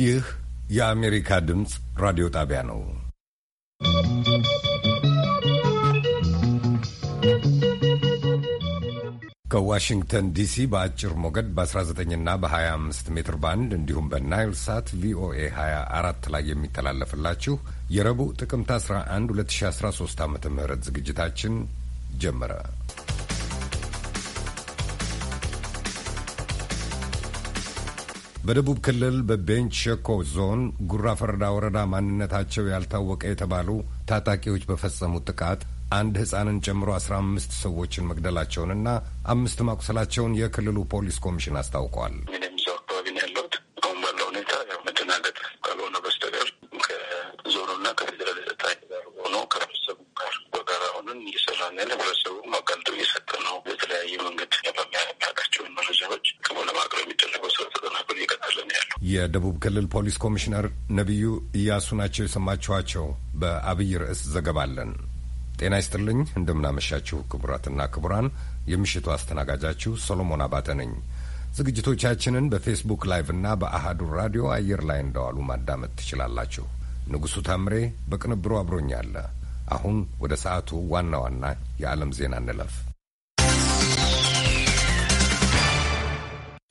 ይህ የአሜሪካ ድምፅ ራዲዮ ጣቢያ ነው። ከዋሽንግተን ዲሲ በአጭር ሞገድ በ19ና በ25 ሜትር ባንድ እንዲሁም በናይል ሳት ቪኦኤ 24 ላይ የሚተላለፍላችሁ የረቡዕ ጥቅምት 11 2013 ዓ ም ዝግጅታችን ጀመረ። በደቡብ ክልል በቤንች ሸኮ ዞን ጉራ ፈረዳ ወረዳ ማንነታቸው ያልታወቀ የተባሉ ታጣቂዎች በፈጸሙት ጥቃት አንድ ሕፃንን ጨምሮ አስራ አምስት ሰዎችን መግደላቸውንና አምስት ማቁሰላቸውን የክልሉ ፖሊስ ኮሚሽን አስታውቋል። የደቡብ ክልል ፖሊስ ኮሚሽነር ነቢዩ እያሱ ናቸው የሰማችኋቸው። በአብይ ርዕስ ዘገባለን። ጤና ይስጥልኝ፣ እንደምናመሻችሁ ክቡራትና ክቡራን፣ የምሽቱ አስተናጋጃችሁ ሶሎሞን አባተ ነኝ። ዝግጅቶቻችንን በፌስቡክ ላይቭ እና በአሃዱ ራዲዮ አየር ላይ እንደዋሉ ማዳመጥ ትችላላችሁ። ንጉሡ ታምሬ በቅንብሩ አብሮኛለ። አሁን ወደ ሰዓቱ ዋና ዋና የዓለም ዜና እንለፍ።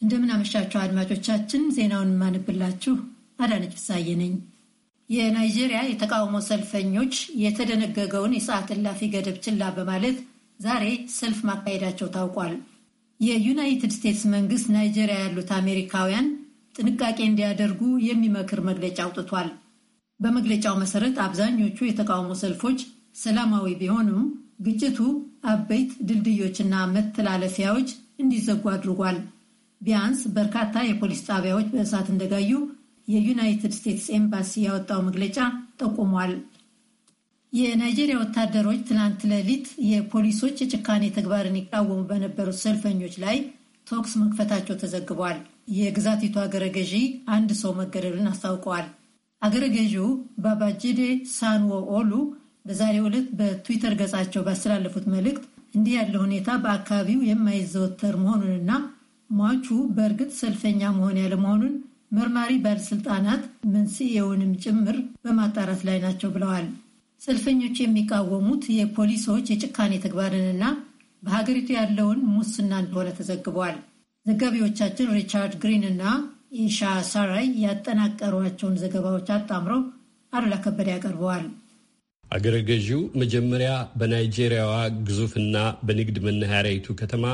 እንደምናመሻቸው አድማጮቻችን። ዜናውን የማንብላችሁ አዳነች ፍሳዬ ነኝ። የናይጄሪያ የተቃውሞ ሰልፈኞች የተደነገገውን የሰዓት እላፊ ገደብ ችላ በማለት ዛሬ ሰልፍ ማካሄዳቸው ታውቋል። የዩናይትድ ስቴትስ መንግስት ናይጄሪያ ያሉት አሜሪካውያን ጥንቃቄ እንዲያደርጉ የሚመክር መግለጫ አውጥቷል። በመግለጫው መሰረት አብዛኞቹ የተቃውሞ ሰልፎች ሰላማዊ ቢሆኑም ግጭቱ አበይት ድልድዮችና መተላለፊያዎች እንዲዘጉ አድርጓል። ቢያንስ በርካታ የፖሊስ ጣቢያዎች በእሳት እንደጋዩ የዩናይትድ ስቴትስ ኤምባሲ ያወጣው መግለጫ ጠቁሟል። የናይጄሪያ ወታደሮች ትናንት ሌሊት የፖሊሶች የጭካኔ ተግባርን ይቃወሙ በነበሩት ሰልፈኞች ላይ ተኩስ መክፈታቸው ተዘግቧል። የግዛቲቱ አገረ ገዢ አንድ ሰው መገደሉን አስታውቀዋል። አገረ ገዢው ባባጅዴ ሳንዎ ኦሉ በዛሬው ዕለት በትዊተር ገጻቸው ባስተላለፉት መልእክት እንዲህ ያለ ሁኔታ በአካባቢው የማይዘወተር መሆኑንና ሟቹ በእርግጥ ሰልፈኛ መሆን ያለመሆኑን መርማሪ ባለስልጣናት መንስኤውንም ጭምር በማጣራት ላይ ናቸው ብለዋል። ሰልፈኞች የሚቃወሙት የፖሊሶች የጭካኔ ተግባርንና በሀገሪቱ ያለውን ሙስና እንደሆነ ተዘግቧል። ዘጋቢዎቻችን ሪቻርድ ግሪን እና ኢሻ ሳራይ ያጠናቀሯቸውን ዘገባዎች አጣምረው አሉላ ከበደ ያቀርበዋል። አገረ ገዢው መጀመሪያ በናይጄሪያዋ ግዙፍና በንግድ መናኸሪያይቱ ከተማ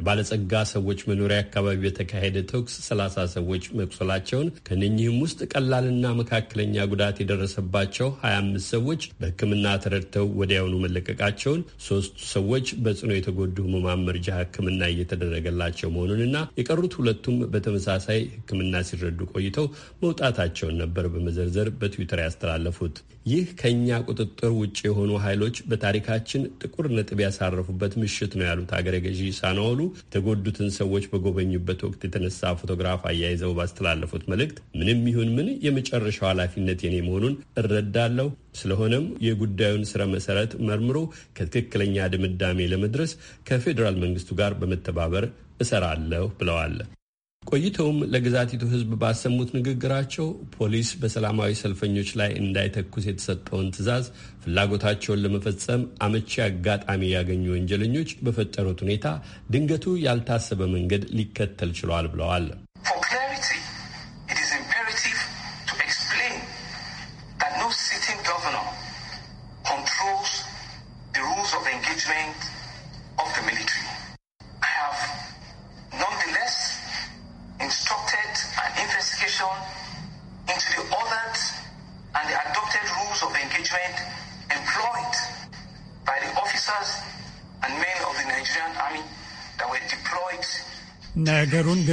የባለጸጋ ሰዎች መኖሪያ አካባቢ በተካሄደ ተኩስ ሰላሳ ሰዎች መቁሰላቸውን ከነኚህም ውስጥ ቀላልና መካከለኛ ጉዳት የደረሰባቸው 25 ሰዎች በሕክምና ተረድተው ወዲያውኑ መለቀቃቸውን፣ ሶስቱ ሰዎች በጽኑ የተጎዱ ህሙማን መርጃ ሕክምና እየተደረገላቸው መሆኑንና የቀሩት ሁለቱም በተመሳሳይ ሕክምና ሲረዱ ቆይተው መውጣታቸውን ነበር በመዘርዘር በትዊተር ያስተላለፉት። ይህ ከእኛ ቁጥጥር ውጭ የሆኑ ኃይሎች በታሪካችን ጥቁር ነጥብ ያሳረፉበት ምሽት ነው ያሉት አገረ ገዢ ሳናወሉ የተጎዱትን ሰዎች በጎበኙበት ወቅት የተነሳ ፎቶግራፍ አያይዘው ባስተላለፉት መልእክት ምንም ይሁን ምን የመጨረሻው ኃላፊነት የኔ መሆኑን እረዳለሁ። ስለሆነም የጉዳዩን ስረ መሰረት መርምሮ ከትክክለኛ ድምዳሜ ለመድረስ ከፌዴራል መንግስቱ ጋር በመተባበር እሰራለሁ ብለዋል። ቆይተውም ለግዛቲቱ ሕዝብ ባሰሙት ንግግራቸው ፖሊስ በሰላማዊ ሰልፈኞች ላይ እንዳይተኩስ የተሰጠውን ትዕዛዝ ፍላጎታቸውን ለመፈጸም አመቺ አጋጣሚ ያገኙ ወንጀለኞች በፈጠሩት ሁኔታ ድንገቱ ያልታሰበ መንገድ ሊከተል ችሏል ብለዋል።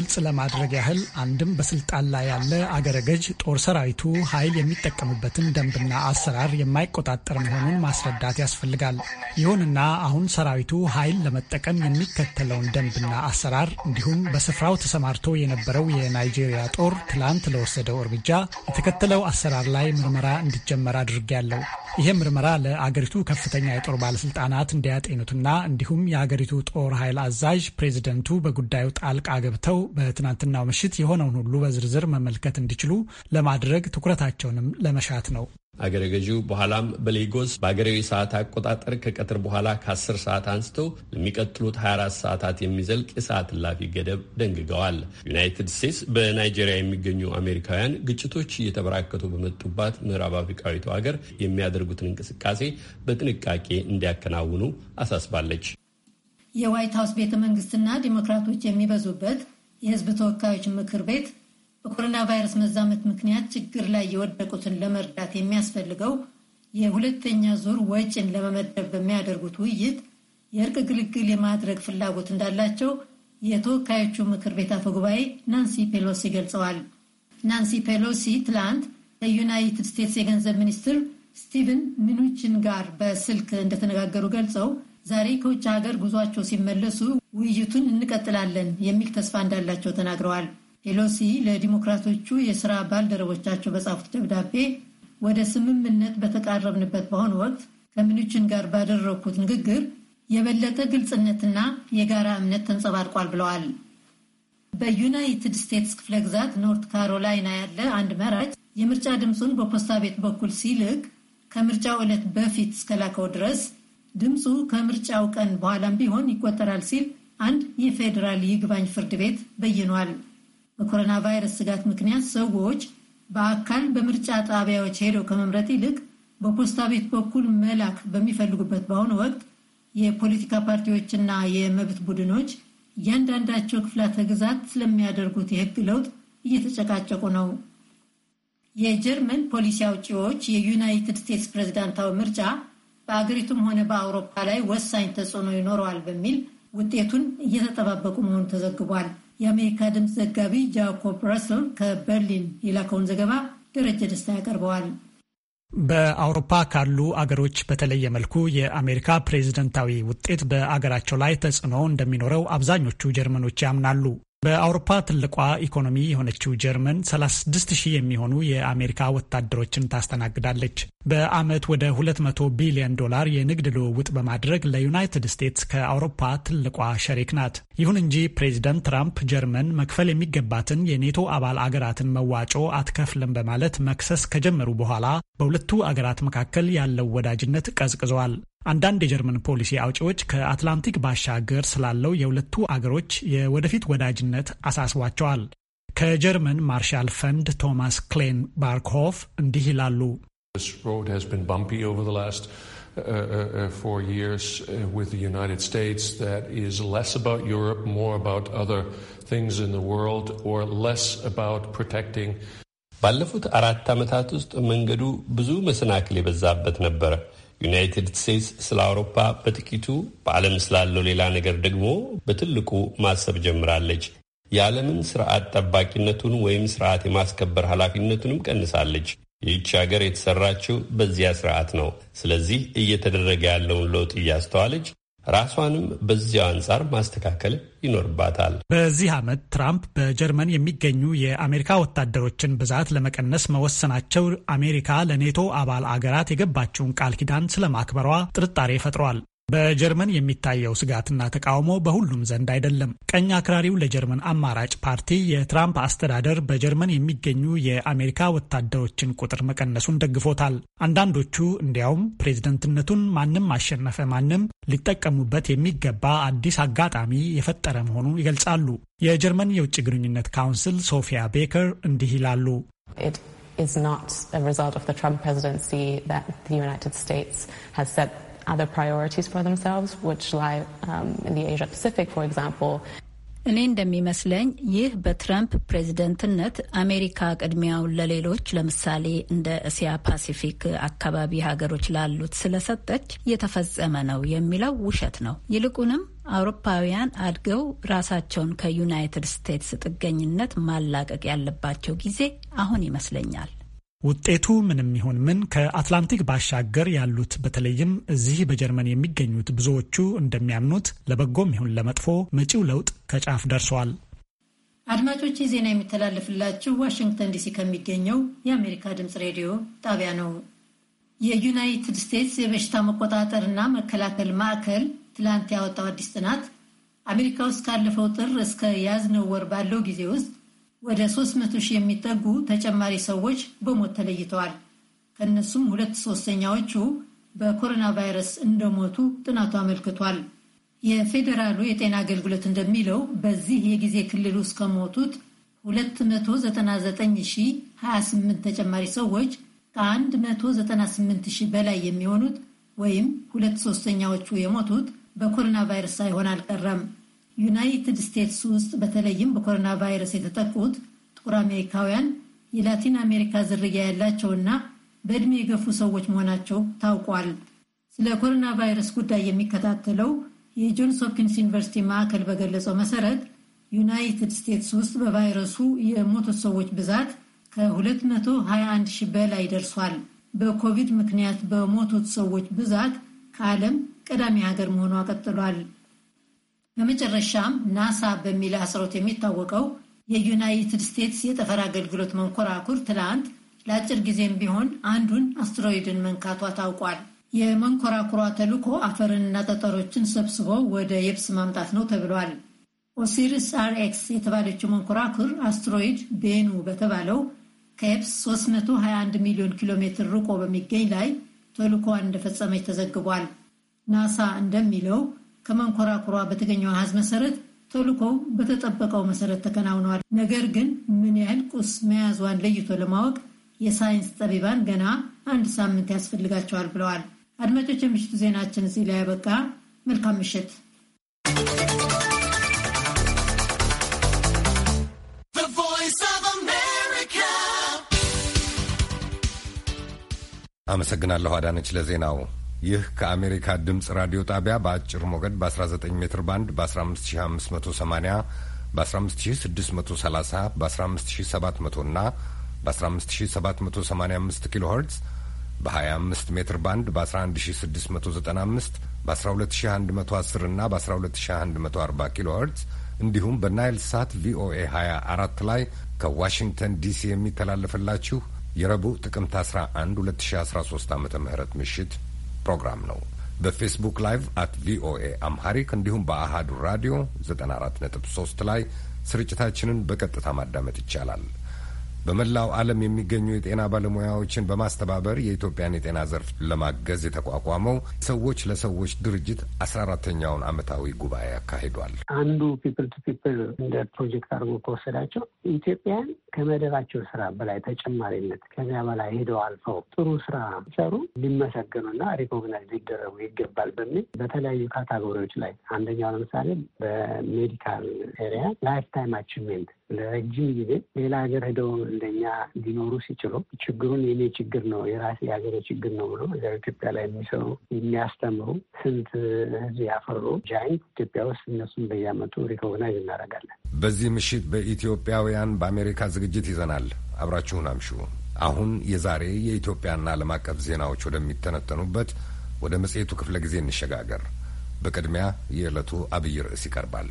ግልጽ ለማድረግ ያህል አንድም በስልጣን ላይ ያለ አገረ ገዥ ጦር ሰራዊቱ ኃይል የሚጠቀምበትን ደንብና አሰራር የማይቆጣጠር መሆኑን ማስረዳት ያስፈልጋል። ይሁንና አሁን ሰራዊቱ ኃይል ለመጠቀም የሚከተለውን ደንብና አሰራር እንዲሁም በስፍራው ተሰማርቶ የነበረው የናይጄሪያ ጦር ትላንት ለወሰደው እርምጃ የተከተለው አሰራር ላይ ምርመራ እንዲጀመር አድርጌያለሁ። ይህ ምርመራ ለአገሪቱ ከፍተኛ የጦር ባለስልጣናት እንዲያጤኑትና እንዲሁም የአገሪቱ ጦር ኃይል አዛዥ ፕሬዚደንቱ በጉዳዩ ጣልቃ ገብተው በትናንትናው ምሽት የሆነውን ሁሉ በዝርዝር መመልከት እንዲችሉ ለማድረግ ትኩረታቸውንም ለመሻት ነው። አገረ ገዢው በኋላም በሌጎስ በአገሬዊ ሰዓት አቆጣጠር ከቀትር በኋላ ከ10 ሰዓት አንስቶ ለሚቀጥሉት 24 ሰዓታት የሚዘልቅ የሰዓት እላፊ ገደብ ደንግገዋል። ዩናይትድ ስቴትስ በናይጄሪያ የሚገኙ አሜሪካውያን ግጭቶች እየተበራከቱ በመጡባት ምዕራብ አፍሪካዊቱ ሀገር የሚያደርጉትን እንቅስቃሴ በጥንቃቄ እንዲያከናውኑ አሳስባለች። የዋይት ሀውስ ቤተ መንግስትና ዲሞክራቶች የሚበዙበት የህዝብ ተወካዮች ምክር ቤት በኮሮና ቫይረስ መዛመት ምክንያት ችግር ላይ የወደቁትን ለመርዳት የሚያስፈልገው የሁለተኛ ዙር ወጪን ለመመደብ በሚያደርጉት ውይይት የእርቅ ግልግል የማድረግ ፍላጎት እንዳላቸው የተወካዮቹ ምክር ቤት አፈ ጉባኤ ናንሲ ፔሎሲ ገልጸዋል። ናንሲ ፔሎሲ ትላንት ከዩናይትድ ስቴትስ የገንዘብ ሚኒስትር ስቲቨን ሚኑችን ጋር በስልክ እንደተነጋገሩ ገልጸው ዛሬ ከውጭ ሀገር ጉዟቸው ሲመለሱ ውይይቱን እንቀጥላለን የሚል ተስፋ እንዳላቸው ተናግረዋል። ፔሎሲ ለዲሞክራቶቹ የስራ ባልደረቦቻቸው በጻፉት ደብዳቤ ወደ ስምምነት በተቃረብንበት በአሁኑ ወቅት ከምንችን ጋር ባደረኩት ንግግር የበለጠ ግልጽነትና የጋራ እምነት ተንጸባርቋል ብለዋል። በዩናይትድ ስቴትስ ክፍለ ግዛት ኖርት ካሮላይና ያለ አንድ መራጭ የምርጫ ድምፁን በፖስታ ቤት በኩል ሲልክ ከምርጫው ዕለት በፊት እስከላከው ድረስ ድምፁ ከምርጫው ቀን በኋላም ቢሆን ይቆጠራል ሲል አንድ የፌዴራል ይግባኝ ፍርድ ቤት በይኗል። በኮሮና ቫይረስ ስጋት ምክንያት ሰዎች በአካል በምርጫ ጣቢያዎች ሄደው ከመምረጥ ይልቅ በፖስታ ቤት በኩል መላክ በሚፈልጉበት በአሁኑ ወቅት የፖለቲካ ፓርቲዎችና የመብት ቡድኖች እያንዳንዳቸው ክፍላተ ግዛት ስለሚያደርጉት የሕግ ለውጥ እየተጨቃጨቁ ነው። የጀርመን ፖሊሲ አውጪዎች የዩናይትድ ስቴትስ ፕሬዚዳንታዊ ምርጫ በአገሪቱም ሆነ በአውሮፓ ላይ ወሳኝ ተጽዕኖ ይኖረዋል በሚል ውጤቱን እየተጠባበቁ መሆኑ ተዘግቧል። የአሜሪካ ድምፅ ዘጋቢ ጃኮብ ረስል ከበርሊን የላከውን ዘገባ ደረጀ ደስታ ያቀርበዋል። በአውሮፓ ካሉ አገሮች በተለየ መልኩ የአሜሪካ ፕሬዝደንታዊ ውጤት በአገራቸው ላይ ተጽዕኖ እንደሚኖረው አብዛኞቹ ጀርመኖች ያምናሉ። በአውሮፓ ትልቋ ኢኮኖሚ የሆነችው ጀርመን 36 ሺህ የሚሆኑ የአሜሪካ ወታደሮችን ታስተናግዳለች። በዓመት ወደ 200 ቢሊዮን ዶላር የንግድ ልውውጥ በማድረግ ለዩናይትድ ስቴትስ ከአውሮፓ ትልቋ ሸሪክ ናት። ይሁን እንጂ ፕሬዚደንት ትራምፕ ጀርመን መክፈል የሚገባትን የኔቶ አባል አገራትን መዋጮ አትከፍልም በማለት መክሰስ ከጀመሩ በኋላ በሁለቱ አገራት መካከል ያለው ወዳጅነት ቀዝቅዟል። አንዳንድ የጀርመን ፖሊሲ አውጪዎች ከአትላንቲክ ባሻገር ስላለው የሁለቱ አገሮች የወደፊት ወዳጅነት አሳስቧቸዋል። ከጀርመን ማርሻል ፈንድ ቶማስ ክሌን ባርክሆፍ እንዲህ ይላሉ። uh, uh, uh, ባለፉት አራት ዓመታት ውስጥ መንገዱ ብዙ መሰናክል የበዛበት ነበረ። ዩናይትድ ስቴትስ ስለ አውሮፓ በጥቂቱ በዓለም ስላለው ሌላ ነገር ደግሞ በትልቁ ማሰብ ጀምራለች። የዓለምን ስርዓት ጠባቂነቱን ወይም ስርዓት የማስከበር ኃላፊነቱንም ቀንሳለች። ይህች ሀገር የተሰራችው በዚያ ስርዓት ነው። ስለዚህ እየተደረገ ያለውን ለውጥ እያስተዋለች ራሷንም በዚያው አንጻር ማስተካከል ይኖርባታል። በዚህ ዓመት ትራምፕ በጀርመን የሚገኙ የአሜሪካ ወታደሮችን ብዛት ለመቀነስ መወሰናቸው አሜሪካ ለኔቶ አባል አገራት የገባችውን ቃል ኪዳን ስለማክበሯ ጥርጣሬ ፈጥሯል። በጀርመን የሚታየው ስጋትና ተቃውሞ በሁሉም ዘንድ አይደለም። ቀኝ አክራሪው ለጀርመን አማራጭ ፓርቲ የትራምፕ አስተዳደር በጀርመን የሚገኙ የአሜሪካ ወታደሮችን ቁጥር መቀነሱን ደግፎታል። አንዳንዶቹ እንዲያውም ፕሬዝደንትነቱን ማንም አሸነፈ ማንም ሊጠቀሙበት የሚገባ አዲስ አጋጣሚ የፈጠረ መሆኑን ይገልጻሉ። የጀርመን የውጭ ግንኙነት ካውንስል ሶፊያ ቤከር እንዲህ ይላሉ። is not a result of the Trump presidency that the United States has set other priorities for themselves, which lie um, in the Asia Pacific, for example. እኔ እንደሚመስለኝ ይህ በትራምፕ ፕሬዝደንትነት አሜሪካ ቅድሚያውን ለሌሎች ለምሳሌ እንደ እስያ ፓሲፊክ አካባቢ ሀገሮች ላሉት ስለሰጠች የተፈጸመ ነው የሚለው ውሸት ነው። ይልቁንም አውሮፓውያን አድገው ራሳቸውን ከዩናይትድ ስቴትስ ጥገኝነት ማላቀቅ ያለባቸው ጊዜ አሁን ይመስለኛል። ውጤቱ ምንም ይሁን ምን ከአትላንቲክ ባሻገር ያሉት በተለይም እዚህ በጀርመን የሚገኙት ብዙዎቹ እንደሚያምኑት ለበጎም ይሁን ለመጥፎ መጪው ለውጥ ከጫፍ ደርሰዋል። አድማጮች፣ ዜና የሚተላለፍላችሁ ዋሽንግተን ዲሲ ከሚገኘው የአሜሪካ ድምፅ ሬዲዮ ጣቢያ ነው። የዩናይትድ ስቴትስ የበሽታ መቆጣጠርና መከላከል ማዕከል ትላንት ያወጣው አዲስ ጥናት አሜሪካ ውስጥ ካለፈው ጥር እስከ ያዝነው ወር ባለው ጊዜ ውስጥ ወደ 300 ሺህ የሚጠጉ ተጨማሪ ሰዎች በሞት ተለይተዋል። ከእነሱም ሁለት ሶስተኛዎቹ በኮሮና ቫይረስ እንደሞቱ ጥናቱ አመልክቷል። የፌዴራሉ የጤና አገልግሎት እንደሚለው በዚህ የጊዜ ክልል ውስጥ ከሞቱት 299028 ተጨማሪ ሰዎች ከ 198000 በላይ የሚሆኑት ወይም ሁለት ሶስተኛዎቹ የሞቱት በኮሮና ቫይረስ ሳይሆን አልቀረም። ዩናይትድ ስቴትስ ውስጥ በተለይም በኮሮና ቫይረስ የተጠቁት ጥቁር አሜሪካውያን የላቲን አሜሪካ ዝርያ ያላቸውና በዕድሜ የገፉ ሰዎች መሆናቸው ታውቋል። ስለ ኮሮና ቫይረስ ጉዳይ የሚከታተለው የጆንስ ሆፕኪንስ ዩኒቨርሲቲ ማዕከል በገለጸው መሰረት ዩናይትድ ስቴትስ ውስጥ በቫይረሱ የሞቱት ሰዎች ብዛት ከ221 ሺህ በላይ ደርሷል። በኮቪድ ምክንያት በሞቱት ሰዎች ብዛት ከዓለም ቀዳሚ ሀገር መሆኗ ቀጥሏል። በመጨረሻም ናሳ በሚል አስሮት የሚታወቀው የዩናይትድ ስቴትስ የጠፈር አገልግሎት መንኮራኩር ትላንት ለአጭር ጊዜም ቢሆን አንዱን አስትሮይድን መንካቷ ታውቋል። የመንኮራኩሯ ተልዕኮ አፈርንና ጠጠሮችን ሰብስቦ ወደ የብስ ማምጣት ነው ተብሏል። ኦሲሪስ አርኤክስ የተባለችው መንኮራኩር አስትሮይድ ቤኑ በተባለው ከየብስ 321 ሚሊዮን ኪሎ ሜትር ርቆ በሚገኝ ላይ ተልዕኮዋን እንደፈጸመች ተዘግቧል። ናሳ እንደሚለው ከመንኮራኩሯ በተገኘው አሃዝ መሰረት ተልኮው በተጠበቀው መሰረት ተከናውነዋል። ነገር ግን ምን ያህል ቁስ መያዟን ለይቶ ለማወቅ የሳይንስ ጠቢባን ገና አንድ ሳምንት ያስፈልጋቸዋል ብለዋል። አድማጮች፣ የምሽቱ ዜናችን እዚህ ላይ ያበቃ። መልካም ምሽት። አመሰግናለሁ አዳነች ለዜናው። ይህ ከአሜሪካ ድምፅ ራዲዮ ጣቢያ በአጭር ሞገድ በ19 ሜትር ባንድ በ15580 በ15630 በ15700 እና በ15785 ኪሎ ኸርትዝ በ25 ሜትር ባንድ በ11695 በ12110 እና በ12140 ኪሎ ኸርትዝ እንዲሁም በናይል ሳት ቪኦኤ 24 ላይ ከዋሽንግተን ዲሲ የሚተላለፍላችሁ የረቡዕ ጥቅምት 11 2013 ዓ ም ምሽት ፕሮግራም ነው። በፌስቡክ ላይቭ አት ቪኦኤ አምሃሪክ እንዲሁም በአሃዱ ራዲዮ 94.3 ላይ ስርጭታችንን በቀጥታ ማዳመጥ ይቻላል። በመላው ዓለም የሚገኙ የጤና ባለሙያዎችን በማስተባበር የኢትዮጵያን የጤና ዘርፍ ለማገዝ የተቋቋመው ሰዎች ለሰዎች ድርጅት አስራ አራተኛውን ዓመታዊ ጉባኤ አካሂዷል። አንዱ ፒፕል ቱ ፒፕል እንደ ፕሮጀክት አድርጎ ከወሰዳቸው ኢትዮጵያን ከመደባቸው ስራ በላይ ተጨማሪነት ከዚያ በላይ ሄደው አልፈው ጥሩ ስራ ሰሩ ሊመሰገኑና ሪኮግናይዝ ሊደረጉ ይገባል በሚል በተለያዩ ካታጎሪዎች ላይ አንደኛው ለምሳሌ በሜዲካል ኤሪያ ላይፍ ታይም አቺቭሜንት ለረጅም ጊዜ ሌላ ሀገር ሄደው እንደኛ ሊኖሩ ሲችሉ ችግሩን የኔ ችግር ነው የራሴ የሀገሬ ችግር ነው ብሎ እዚያው ኢትዮጵያ ላይ የሚሰሩ የሚያስተምሩ ስንት ህዝብ ያፈሩ ጃይንት ኢትዮጵያ ውስጥ እነሱን በያመጡ ሪኮግናይዝ እናደርጋለን። በዚህ ምሽት በኢትዮጵያውያን በአሜሪካ ዝግ ዝግጅት ይዘናል። አብራችሁን አምሹ። አሁን የዛሬ የኢትዮጵያና ዓለም አቀፍ ዜናዎች ወደሚተነተኑበት ወደ መጽሔቱ ክፍለ ጊዜ እንሸጋገር። በቅድሚያ የዕለቱ አብይ ርዕስ ይቀርባል።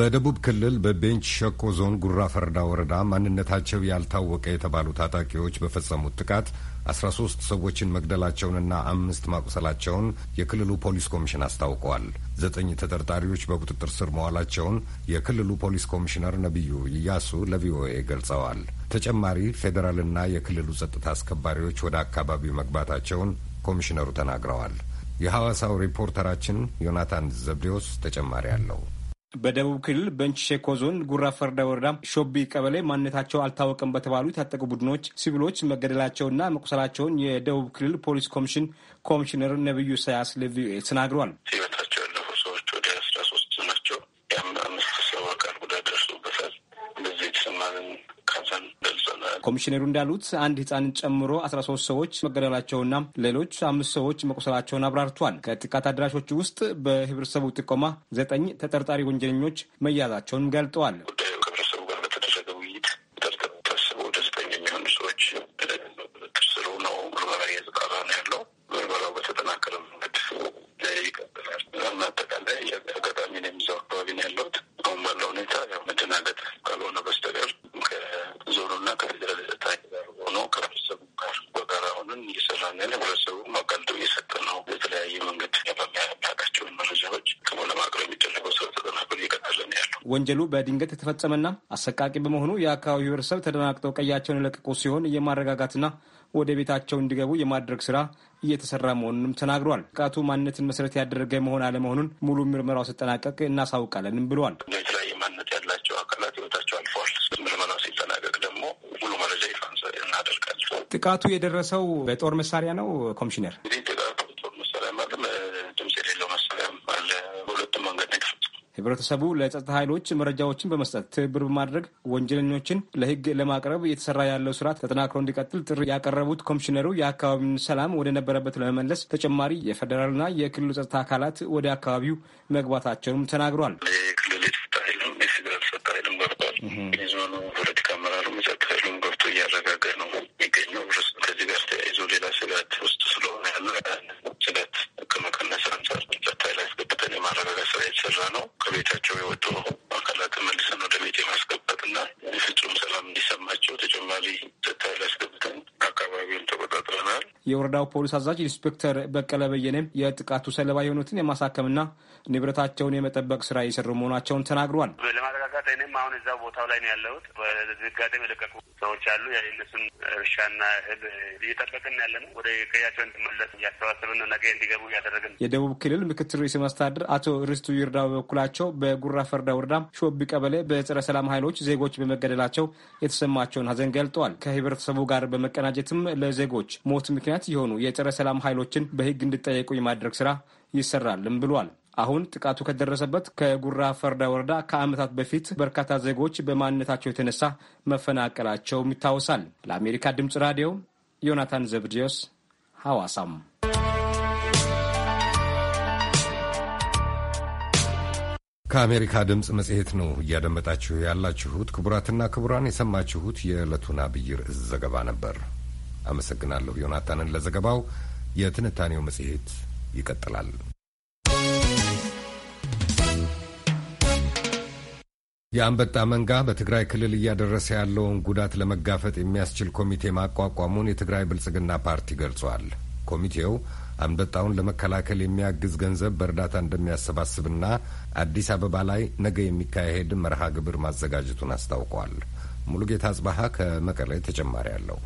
በደቡብ ክልል በቤንች ሸኮ ዞን ጉራ ፈርዳ ወረዳ ማንነታቸው ያልታወቀ የተባሉ ታጣቂዎች በፈጸሙት ጥቃት አስራ ሶስት ሰዎችን መግደላቸውንና አምስት ማቁሰላቸውን የክልሉ ፖሊስ ኮሚሽን አስታውቀዋል። ዘጠኝ ተጠርጣሪዎች በቁጥጥር ስር መዋላቸውን የክልሉ ፖሊስ ኮሚሽነር ነቢዩ እያሱ ለቪኦኤ ገልጸዋል። ተጨማሪ ፌዴራልና የክልሉ ጸጥታ አስከባሪዎች ወደ አካባቢው መግባታቸውን ኮሚሽነሩ ተናግረዋል። የሐዋሳው ሪፖርተራችን ዮናታን ዘብዴዎስ ተጨማሪ አለው። በደቡብ ክልል በንች ሼኮ ዞን ጉራ ፈርዳ ወረዳ ሾቢ ቀበሌ ማንነታቸው አልታወቀም በተባሉ የታጠቁ ቡድኖች ሲቪሎች መገደላቸውና መቁሰላቸውን የደቡብ ክልል ፖሊስ ኮሚሽን ኮሚሽነር ነቢዩ ሳያስ ለቪኦኤ ተናግረዋል። ኮሚሽነሩ እንዳሉት አንድ ህፃንን ጨምሮ 13 ሰዎች መገደላቸውና ሌሎች አምስት ሰዎች መቁሰላቸውን አብራርቷል። ከጥቃት አድራሾች ውስጥ በህብረተሰቡ ጥቆማ ዘጠኝ ተጠርጣሪ ወንጀለኞች መያዛቸውን ገልጠዋል። ያንን ህብረተሰቡ አጋልጦ እየሰጠ ነው። የተለያየ መንገድ በሚያውቃቸውን መረጃዎች ክሞ ለማቅረብ የሚደረገው ሰው ተጠናክሮ እየቀጠለ ነው ያለው። ወንጀሉ በድንገት የተፈጸመና አሰቃቂ በመሆኑ የአካባቢው ህብረተሰብ ተደናግጠው ቀያቸውን የለቀቁ ሲሆን የማረጋጋትና ወደ ቤታቸው እንዲገቡ የማድረግ ስራ እየተሰራ መሆኑንም ተናግሯል። ጥቃቱ ማንነትን መሰረት ያደረገ መሆን አለመሆኑን ሙሉ ምርመራው ሲጠናቀቅ እናሳውቃለንም ብሏል። የተለያየ ማንነት ያለ ጥቃቱ የደረሰው በጦር መሳሪያ ነው ኮሚሽነር? ህብረተሰቡ ለጸጥታ ኃይሎች መረጃዎችን በመስጠት ትብብር በማድረግ ወንጀለኞችን ለህግ ለማቅረብ እየተሰራ ያለው ስራ ተጠናክሮ እንዲቀጥል ጥሪ ያቀረቡት ኮሚሽነሩ የአካባቢውን ሰላም ወደ ነበረበት ለመመለስ ተጨማሪ የፌዴራልና የክልሉ ጸጥታ አካላት ወደ አካባቢው መግባታቸውንም ተናግሯል። የክልል የጸጥታ ኃይልም የፌዴራል ጸጥታ ኃይልም ገብቷል። ዞኑ የሚጨቅሰ ሉን ገብቶ እያረጋገ ነው የሚገኘው። ከዚህ ጋር ተያይዞ የተሰራ ነው። ከቤታቸው የወጡ አካላት መልሰን ወደ ቤት የማስገባት እና ፍጹም ሰላም እንዲሰማቸው ተጨማሪ ጸጥታ ሊያስገብተን አካባቢውን ተቆጣጥረናል። የወረዳው ፖሊስ አዛዥ ኢንስፔክተር በቀለ በየነም የጥቃቱ ሰለባ የሆኑትን የማሳከምና ንብረታቸውን የመጠበቅ ስራ እየሰሩ መሆናቸውን ተናግሯል። ለማረጋጋት እኔም አሁን እዛ ቦታው ላይ ነው ያለሁት። በድንጋጤም የለቀቁ ሰዎች አሉ። የእነሱን እርሻና እህል እየጠበቅን ያለ ነው። ወደ ቀያቸው እንዲመለስ እያሰባሰብን ነገ እንዲገቡ እያደረግን የደቡብ ክልል ምክትል ርዕሰ መስተዳድር አቶ ርስቱ ይርዳ በበኩላቸው በጉራ ፈርዳ ወረዳ ሾቢ ቀበሌ በጸረ ሰላም ኃይሎች ዜጎች በመገደላቸው የተሰማቸውን ሀዘን ገልጠዋል። ከህብረተሰቡ ጋር በመቀናጀትም ለዜጎች ሞት ምክንያት የሆኑ የጸረ ሰላም ኃይሎችን በህግ እንዲጠየቁ የማድረግ ስራ ይሰራልም ብሏል። አሁን ጥቃቱ ከደረሰበት ከጉራ ፈርዳ ወረዳ ከዓመታት በፊት በርካታ ዜጎች በማንነታቸው የተነሳ መፈናቀላቸውም ይታወሳል። ለአሜሪካ ድምፅ ራዲዮ ዮናታን ዘብዲዮስ ሐዋሳም ከአሜሪካ ድምፅ መጽሔት ነው እያደመጣችሁ ያላችሁት። ክቡራትና ክቡራን የሰማችሁት የዕለቱን አብይ ርዕስ ዘገባ ነበር። አመሰግናለሁ ዮናታንን ለዘገባው። የትንታኔው መጽሔት ይቀጥላል። የአንበጣ መንጋ በትግራይ ክልል እያደረሰ ያለውን ጉዳት ለመጋፈጥ የሚያስችል ኮሚቴ ማቋቋሙን የትግራይ ብልጽግና ፓርቲ ገልጿል። ኮሚቴው አንበጣውን ለመከላከል የሚያግዝ ገንዘብ በእርዳታ እንደሚያሰባስብና አዲስ አበባ ላይ ነገ የሚካሄድ መርሃ ግብር ማዘጋጀቱን አስታውቋል። ሙሉጌታ አጽባሀ ከመቀሌ ተጨማሪ አለው።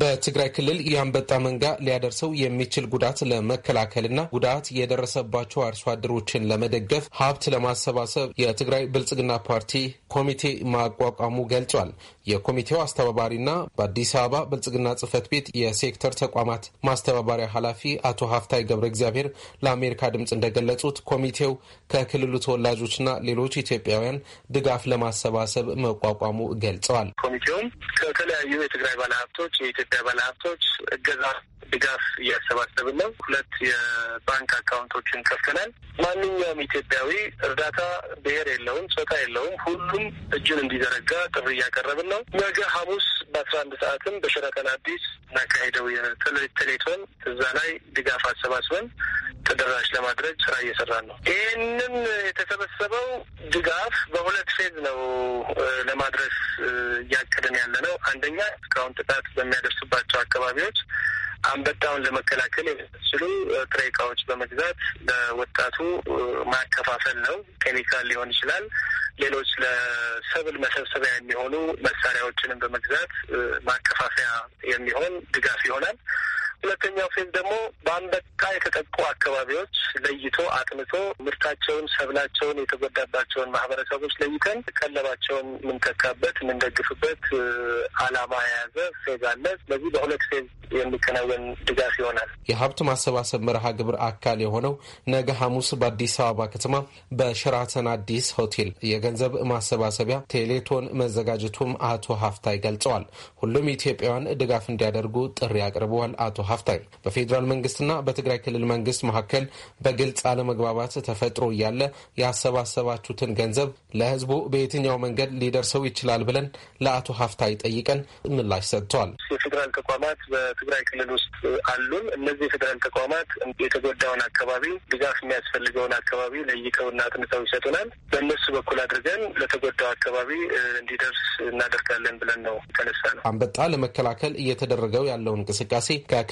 በትግራይ ክልል የአንበጣ መንጋ ሊያደርሰው የሚችል ጉዳት ለመከላከልና ጉዳት የደረሰባቸው አርሶ አደሮችን ለመደገፍ ሀብት ለማሰባሰብ የትግራይ ብልጽግና ፓርቲ ኮሚቴ ማቋቋሙ ገልጿል። የኮሚቴው አስተባባሪና በአዲስ አበባ ብልጽግና ጽህፈት ቤት የሴክተር ተቋማት ማስተባበሪያ ኃላፊ አቶ ሀፍታይ ገብረ እግዚአብሔር ለአሜሪካ ድምፅ እንደገለጹት ኮሚቴው ከክልሉ ተወላጆችና ሌሎች ኢትዮጵያውያን ድጋፍ ለማሰባሰብ መቋቋሙ ገልጸዋል። ኮሚቴውም ከተለያዩ የትግራይ ባለሀብቶች የኢትዮጵያ ባለሀብቶች እገዛ ድጋፍ እያሰባሰብን ነው። ሁለት የባንክ አካውንቶችን ከፍተናል። ማንኛውም ኢትዮጵያዊ እርዳታ ብሔር የለውም፣ ጾታ የለውም። ሁሉም እጁን እንዲዘረጋ ጥሪ እያቀረብን ነው። ነገ ሐሙስ በአስራ አንድ ሰዓትም በሸራተን አዲስ እናካሄደው የቴሌቶን እዛ ላይ ድጋፍ አሰባስበን ተደራሽ ለማድረግ ስራ እየሰራን ነው። ይህንን የተሰበሰበው ድጋፍ በሁለት ፌዝ ነው ለማድረስ እያቀድን ያለ ነው። አንደኛ እስካሁን ጥቃት በሚያደርሱባቸው አካባቢዎች አንበጣውን ለመከላከል የሚያስችሉ ጥሬ እቃዎች በመግዛት ለወጣቱ ማከፋፈል ነው። ኬሚካል ሊሆን ይችላል። ሌሎች ለሰብል መሰብሰቢያ የሚሆኑ መሳሪያዎችንም በመግዛት ማከፋፈያ የሚሆን ድጋፍ ይሆናል። ሁለተኛው ፌዝ ደግሞ በአንበጣ የተጠቁ አካባቢዎች ለይቶ አጥንቶ ምርታቸውን፣ ሰብላቸውን የተጎዳባቸውን ማህበረሰቦች ለይተን ቀለባቸውን የምንተካበት የምንደግፍበት አላማ የያዘ ፌዝ አለ። ስለዚህ በሁለት ፌዝ የሚከናወን ድጋፍ ይሆናል። የሀብት ማሰባሰብ መርሃ ግብር አካል የሆነው ነገ ሐሙስ በአዲስ አበባ ከተማ በሸራተን አዲስ ሆቴል የገንዘብ ማሰባሰቢያ ቴሌቶን መዘጋጀቱም አቶ ሀፍታይ ገልጸዋል። ሁሉም ኢትዮጵያውያን ድጋፍ እንዲያደርጉ ጥሪ አቅርበዋል። አቶ ሀፍታይ በፌዴራል መንግስትና በትግራይ ክልል መንግስት መካከል በግልጽ አለመግባባት ተፈጥሮ እያለ ያሰባሰባችሁትን ገንዘብ ለህዝቡ በየትኛው መንገድ ሊደርሰው ይችላል ብለን ለአቶ ሀፍታይ ጠይቀን ምላሽ ሰጥተዋል። የፌዴራል ተቋማት በትግራይ ክልል ውስጥ አሉን። እነዚህ የፌዴራል ተቋማት የተጎዳውን አካባቢ ድጋፍ የሚያስፈልገውን አካባቢ ለይተውና አጥንተው ይሰጡናል። በእነሱ በኩል አድርገን ለተጎዳው አካባቢ እንዲደርስ እናደርጋለን ብለን ነው የተነሳ ነው። አንበጣ ለመከላከል እየተደረገው ያለው እንቅስቃሴ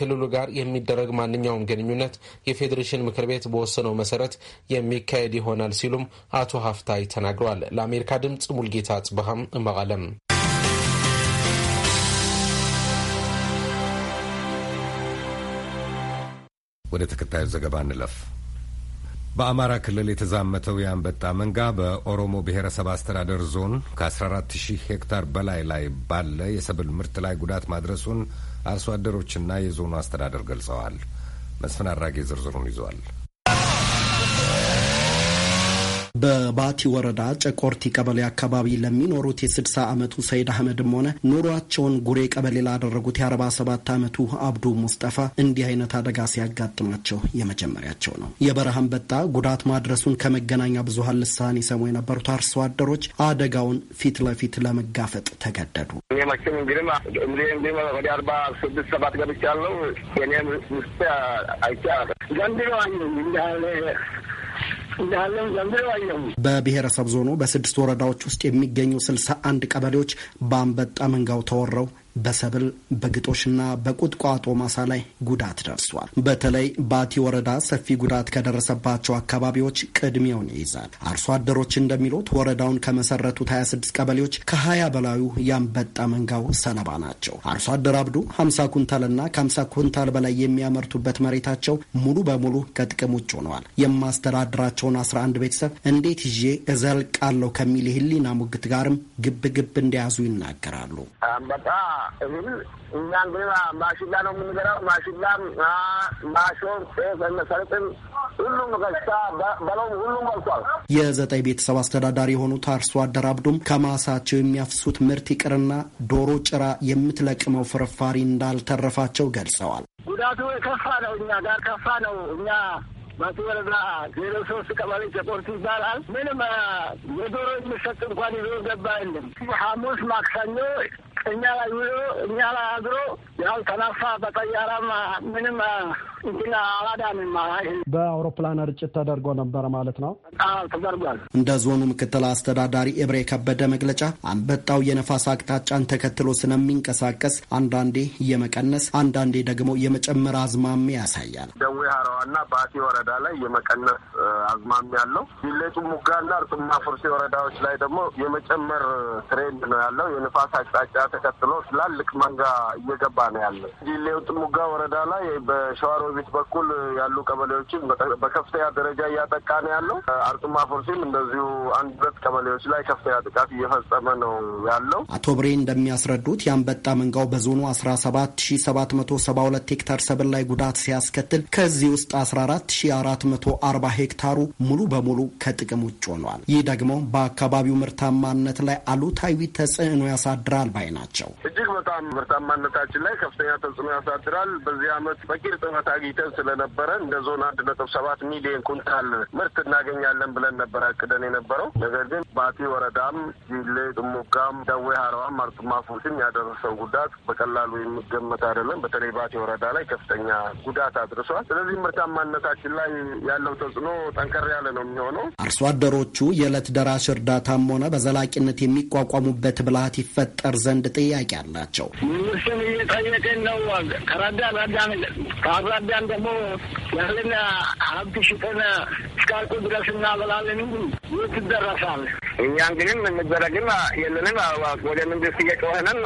ከክልሉ ጋር የሚደረግ ማንኛውም ግንኙነት የፌዴሬሽን ምክር ቤት በወሰነው መሰረት የሚካሄድ ይሆናል ሲሉም አቶ ሀፍታይ ተናግረዋል። ለአሜሪካ ድምፅ ሙልጌታ ጽበሃም መቀለም። ወደ ተከታዩ ዘገባ እንለፍ። በአማራ ክልል የተዛመተው የአንበጣ መንጋ በኦሮሞ ብሔረሰብ አስተዳደር ዞን ከ14 ሺህ ሄክታር በላይ ላይ ባለ የሰብል ምርት ላይ ጉዳት ማድረሱን አርሶ አደሮችና የዞኑ አስተዳደር ገልጸዋል። መስፍን አራጌ ዝርዝሩን ይዟል። በባቲ ወረዳ ጨቆርቲ ቀበሌ አካባቢ ለሚኖሩት የ60 ዓመቱ ሰይድ አህመድም ሆነ ኑሯቸውን ጉሬ ቀበሌ ላደረጉት የ47 ዓመቱ አብዱ ሙስጠፋ እንዲህ አይነት አደጋ ሲያጋጥማቸው የመጀመሪያቸው ነው። የበረሃ አንበጣ ጉዳት ማድረሱን ከመገናኛ ብዙሃን ልሳን ይሰሙ የነበሩት አርሶ አደሮች አደጋውን ፊት ለፊት ለመጋፈጥ ተገደዱ። መቼም እንግዲህ ወደ አርባ ስድስት ሰባት ገብቻለሁ። ውስጥ አይቻ ዘንድሮ በብሔረሰብ ዞኑ በስድስት ወረዳዎች ውስጥ የሚገኙ ስልሳ አንድ ቀበሌዎች በአንበጣ መንጋው ተወረው በሰብል በግጦሽና በቁጥቋጦ ማሳ ላይ ጉዳት ደርሷል። በተለይ ባቲ ወረዳ ሰፊ ጉዳት ከደረሰባቸው አካባቢዎች ቅድሚያውን ይይዛል። አርሶ አደሮች እንደሚሉት ወረዳውን ከመሰረቱት 26 ቀበሌዎች ከ20 በላዩ ያንበጣ መንጋው ሰለባ ናቸው። አርሶ አደር አብዱ 50 ኩንታልና ከ50 ኩንታል በላይ የሚያመርቱበት መሬታቸው ሙሉ በሙሉ ከጥቅም ውጭ ሆነዋል። የማስተዳድራቸውን 11 ቤተሰብ እንዴት ይዤ እዘልቃለሁ ከሚል የህሊና ሙግት ጋርም ግብ ግብ እንደያዙ ይናገራሉ። አንበጣ እህል እኛን ማሽላ ነው የምንገራው። ማሽላም ማሾም፣ ጤፍ፣ ሁሉም ሁሉም በልቷል። የዘጠኝ ቤተሰብ አስተዳዳሪ የሆኑት አርሶ አደር አብዱም ከማሳቸው የሚያፍሱት ምርት ይቅርና ዶሮ ጭራ የምትለቅመው ፍርፋሪ እንዳልተረፋቸው ገልጸዋል። ጉዳቱ የከፋ ነው። እኛ ጋር ከፋ ነው እኛ ባቲ ወረዳ ዜሮ ሶስት ቀበሌ ጨቆርት ይባላል። ምንም የዶሮ የሚሰጥ እንኳን ይዞ ገባ የለም። ሐሙስ ማክሰኞ እኛ ላይ ውሎ እኛ ላይ አድሮ ያው ተናፋ በጠያራም ምንም በአውሮፕላን ርጭት ተደርጎ ነበረ ማለት ነው? ተደርጓል። እንደ ዞኑ ምክትል አስተዳዳሪ ኤብሬ ከበደ መግለጫ አንበጣው የነፋስ አቅጣጫን ተከትሎ ስለሚንቀሳቀስ አንዳንዴ እየመቀነስ አንዳንዴ ደግሞ የመጨመር አዝማሚያ ያሳያል። ደዌ ሀረዋና ባቲ ወረዳ ወረዳ ላይ የመቀነስ አዝማሚያ አለው። ዲሌ ጡሙጋና እርጥማ ፍርሴ ወረዳዎች ላይ ደግሞ የመጨመር ትሬንድ ነው ያለው። የንፋስ አቅጣጫ ተከትሎ ትላልቅ መንጋ እየገባ ነው ያለ። ዲሌ ሙጋ ወረዳ ላይ በሸዋሮቢት በኩል ያሉ ቀበሌዎችን በከፍተኛ ደረጃ እያጠቃ ነው ያለው። አርጡማ ፉርሲም እንደዚሁ አንድ ሁለት ቀበሌዎች ላይ ከፍተኛ ጥቃት እየፈጸመ ነው ያለው። አቶ ብሬ እንደሚያስረዱት የአንበጣ መንጋው በዞኑ አስራ ሰባት ሺ ሰባት መቶ ሰባ ሁለት ሄክታር ሰብል ላይ ጉዳት ሲያስከትል ከዚህ ውስጥ አስራ አራት ሺ የ ሄክታሩ ሙሉ በሙሉ ከጥቅም ውጭ ሆኗል። ይህ ደግሞ በአካባቢው ምርታማነት ላይ አሉታዊ ተጽዕኖ ያሳድራል ባይ ናቸው። እጅግ በጣም ምርታማነታችን ላይ ከፍተኛ ተጽዕኖ ያሳድራል። በዚህ ዓመት በቂ እርጥበት አግኝተን ስለነበረ እንደ ዞን አንድ ነጥብ ሰባት ሚሊዮን ኩንታል ምርት እናገኛለን ብለን ነበር አቅደን የነበረው። ነገር ግን ባቲ ወረዳም ጂሌ፣ ጥሙጋም፣ ደዌ ሀረዋም፣ አርጡማ ፉሲም ያደረሰው ጉዳት በቀላሉ የሚገመት አይደለም። በተለይ ባቲ ወረዳ ላይ ከፍተኛ ጉዳት አድርሷል። ስለዚህ ምርታማነታችን ላይ ላይ ያለው ተጽዕኖ ጠንከር ያለ ነው የሚሆነው። አርሶ አደሮቹ የዕለት ደራሽ እርዳታም ሆነ በዘላቂነት የሚቋቋሙበት ብልሃት ይፈጠር ዘንድ ጥያቄ አላቸው። ምስም እየጠየቅን ነው። ከራዳ ረዳን፣ ካልረዳን ደግሞ ያለን ሀብት ሽጠን እስካልቁ ድረስ እናበላለን እንጂ የት ይደረሳል? እኛን ግንም የምንደረግም የለንም። ወደ መንግስት እየጮኸንን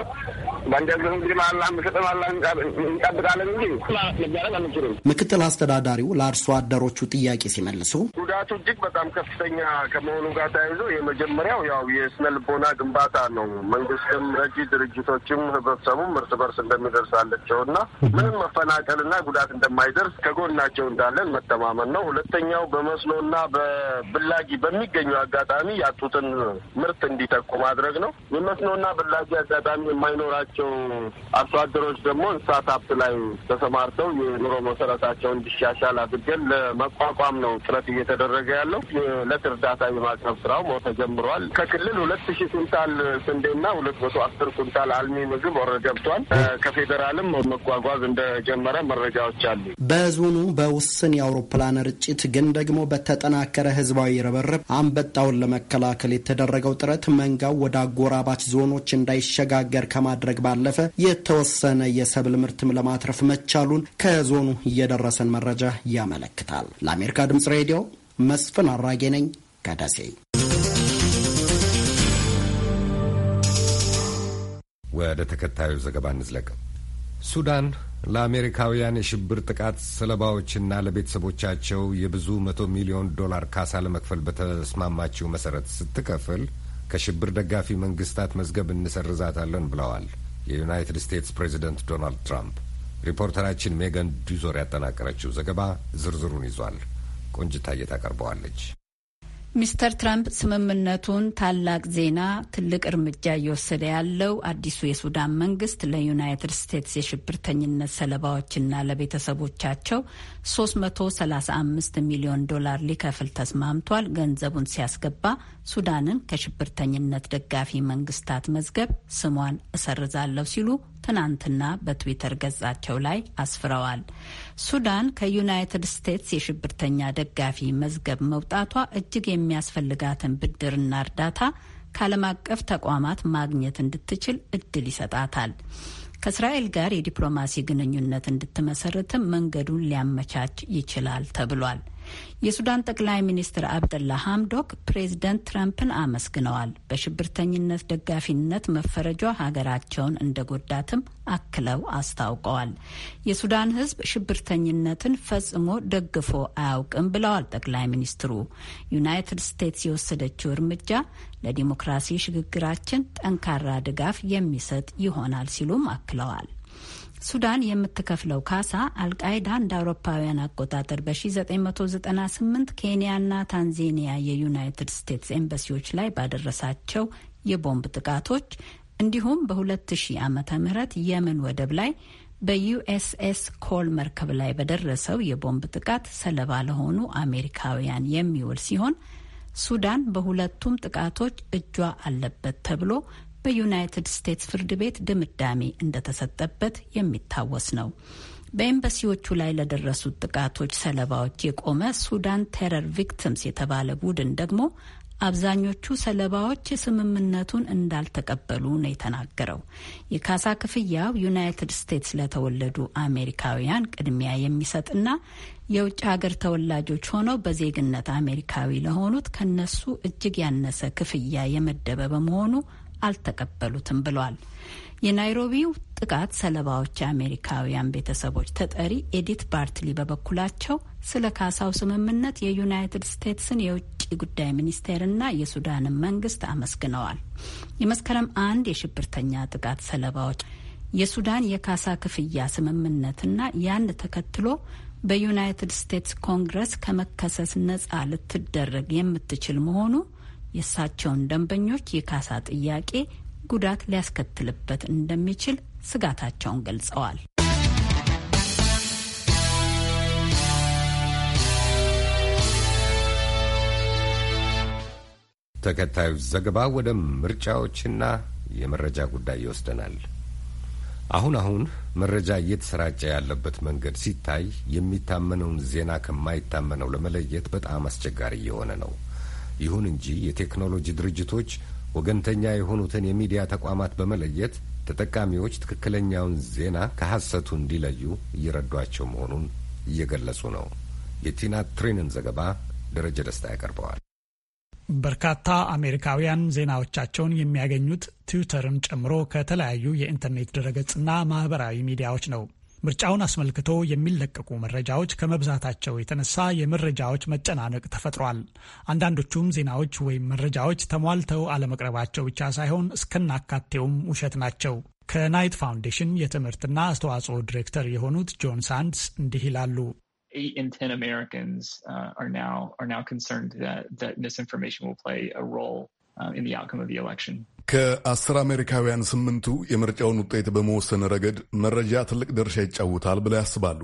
ምክትል አስተዳዳሪው ለአርሶ አደሮቹ ጥያቄ ሲመልሱ ጉዳቱ እጅግ በጣም ከፍተኛ ከመሆኑ ጋር ተያይዞ የመጀመሪያው ያው የስነ ልቦና ግንባታ ነው። መንግስትም፣ ረጂ ድርጅቶችም ህብረተሰቡም እርስ በርስ እንደሚደርሳለቸው እና ምንም መፈናቀልና ጉዳት እንደማይደርስ ከጎናቸው እንዳለን መተማመን ነው። ሁለተኛው በመስኖና በብላጊ በሚገኙ አጋጣሚ ያጡትን ምርት እንዲተኩ ማድረግ ነው። የመስኖና ብላጊ አጋጣሚ የማይኖራቸው ያላቸው አርሶ አደሮች ደግሞ እንስሳት ሀብት ላይ ተሰማርተው የኑሮ መሰረታቸው እንዲሻሻል አድርገን ለመቋቋም ነው ጥረት እየተደረገ ያለው። የዕለት እርዳታ የማቅረብ ስራው ተጀምሯል። ከክልል ሁለት ሺህ ኩንታል ስንዴና ሁለት መቶ አስር ኩንታል አልሚ ምግብ ወረ ገብቷል። ከፌዴራልም መጓጓዝ እንደጀመረ መረጃዎች አሉ። በዞኑ በውስን የአውሮፕላን ርጭት ግን ደግሞ በተጠናከረ ህዝባዊ ርብርብ አንበጣውን ለመከላከል የተደረገው ጥረት መንጋው ወደ አጎራባች ዞኖች እንዳይሸጋገር ከማድረግ ከማሳደግ ባለፈ የተወሰነ የሰብል ምርትም ለማትረፍ መቻሉን ከዞኑ እየደረሰን መረጃ ያመለክታል። ለአሜሪካ ድምጽ ሬዲዮ መስፍን አራጌ ነኝ ከደሴ። ወደ ተከታዩ ዘገባ እንዝለቅ። ሱዳን ለአሜሪካውያን የሽብር ጥቃት ሰለባዎችና ለቤተሰቦቻቸው የብዙ መቶ ሚሊዮን ዶላር ካሳ ለመክፈል በተስማማችው መሰረት ስትከፍል ከሽብር ደጋፊ መንግስታት መዝገብ እንሰርዛታለን ብለዋል የዩናይትድ ስቴትስ ፕሬዚደንት ዶናልድ ትራምፕ። ሪፖርተራችን ሜገን ዱዞር ያጠናቀረችው ዘገባ ዝርዝሩን ይዟል። ቆንጅታ ታቀርበዋለች። ሚስተር ትራምፕ ስምምነቱን ታላቅ ዜና፣ ትልቅ እርምጃ እየወሰደ ያለው አዲሱ የሱዳን መንግስት ለዩናይትድ ስቴትስ የሽብርተኝነት ሰለባዎችና ለቤተሰቦቻቸው 335 ሚሊዮን ዶላር ሊከፍል ተስማምቷል። ገንዘቡን ሲያስገባ ሱዳንን ከሽብርተኝነት ደጋፊ መንግስታት መዝገብ ስሟን እሰርዛለሁ ሲሉ ትናንትና በትዊተር ገጻቸው ላይ አስፍረዋል። ሱዳን ከዩናይትድ ስቴትስ የሽብርተኛ ደጋፊ መዝገብ መውጣቷ እጅግ የሚያስፈልጋትን ብድርና እርዳታ ከዓለም አቀፍ ተቋማት ማግኘት እንድትችል እድል ይሰጣታል። ከእስራኤል ጋር የዲፕሎማሲ ግንኙነት እንድትመሰርትም መንገዱን ሊያመቻች ይችላል ተብሏል። የሱዳን ጠቅላይ ሚኒስትር አብደላ ሀምዶክ ፕሬዝደንት ትራምፕን አመስግነዋል። በሽብርተኝነት ደጋፊነት መፈረጇ ሀገራቸውን እንደጎዳትም አክለው አስታውቀዋል። የሱዳን ሕዝብ ሽብርተኝነትን ፈጽሞ ደግፎ አያውቅም ብለዋል ጠቅላይ ሚኒስትሩ። ዩናይትድ ስቴትስ የወሰደችው እርምጃ ለዲሞክራሲ ሽግግራችን ጠንካራ ድጋፍ የሚሰጥ ይሆናል ሲሉም አክለዋል። ሱዳን የምትከፍለው ካሳ አልቃይዳ እንደ አውሮፓውያን አቆጣጠር በ1998 ኬንያና ታንዜኒያ የዩናይትድ ስቴትስ ኤምባሲዎች ላይ ባደረሳቸው የቦምብ ጥቃቶች እንዲሁም በ2000 ዓመተ ምህረት የመን ወደብ ላይ በዩኤስኤስ ኮል መርከብ ላይ በደረሰው የቦምብ ጥቃት ሰለባ ለሆኑ አሜሪካውያን የሚውል ሲሆን ሱዳን በሁለቱም ጥቃቶች እጇ አለበት ተብሎ በዩናይትድ ስቴትስ ፍርድ ቤት ድምዳሜ እንደተሰጠበት የሚታወስ ነው። በኤምባሲዎቹ ላይ ለደረሱት ጥቃቶች ሰለባዎች የቆመ ሱዳን ቴረር ቪክቲምስ የተባለ ቡድን ደግሞ አብዛኞቹ ሰለባዎች ስምምነቱን እንዳልተቀበሉ ነው የተናገረው። የካሳ ክፍያው ዩናይትድ ስቴትስ ለተወለዱ አሜሪካውያን ቅድሚያ የሚሰጥና የውጭ ሀገር ተወላጆች ሆነው በዜግነት አሜሪካዊ ለሆኑት ከነሱ እጅግ ያነሰ ክፍያ የመደበ በመሆኑ አልተቀበሉትም ብሏል። የናይሮቢው ጥቃት ሰለባዎች የአሜሪካውያን ቤተሰቦች ተጠሪ ኤዲት ባርትሊ በበኩላቸው ስለ ካሳው ስምምነት የዩናይትድ ስቴትስን የውጭ ጉዳይ ሚኒስቴርና የሱዳንን መንግስት አመስግነዋል። የመስከረም አንድ የሽብርተኛ ጥቃት ሰለባዎች የሱዳን የካሳ ክፍያ ስምምነትና ያን ተከትሎ በዩናይትድ ስቴትስ ኮንግረስ ከመከሰስ ነጻ ልትደረግ የምትችል መሆኑ የእሳቸውን ደንበኞች የካሳ ጥያቄ ጉዳት ሊያስከትልበት እንደሚችል ስጋታቸውን ገልጸዋል። ተከታዩ ዘገባ ወደ ምርጫዎችና የመረጃ ጉዳይ ይወስደናል። አሁን አሁን መረጃ እየተሰራጨ ያለበት መንገድ ሲታይ የሚታመነውን ዜና ከማይታመነው ለመለየት በጣም አስቸጋሪ እየሆነ ነው። ይሁን እንጂ የቴክኖሎጂ ድርጅቶች ወገንተኛ የሆኑትን የሚዲያ ተቋማት በመለየት ተጠቃሚዎች ትክክለኛውን ዜና ከሐሰቱ እንዲለዩ እየረዷቸው መሆኑን እየገለጹ ነው። የቲና ትሬንን ዘገባ ደረጀ ደስታ ያቀርበዋል። በርካታ አሜሪካውያን ዜናዎቻቸውን የሚያገኙት ትዊተርን ጨምሮ ከተለያዩ የኢንተርኔት ድረገጽና ማህበራዊ ሚዲያዎች ነው። ምርጫውን አስመልክቶ የሚለቀቁ መረጃዎች ከመብዛታቸው የተነሳ የመረጃዎች መጨናነቅ ተፈጥሯል። አንዳንዶቹም ዜናዎች ወይም መረጃዎች ተሟልተው አለመቅረባቸው ብቻ ሳይሆን እስከናካቴውም ውሸት ናቸው። ከናይት ፋውንዴሽን የትምህርትና አስተዋጽኦ ዲሬክተር የሆኑት ጆን ሳንድስ እንዲህ ይላሉ። ከአስር አሜሪካውያን ስምንቱ የምርጫውን ውጤት በመወሰን ረገድ መረጃ ትልቅ ድርሻ ይጫወታል ብለው ያስባሉ።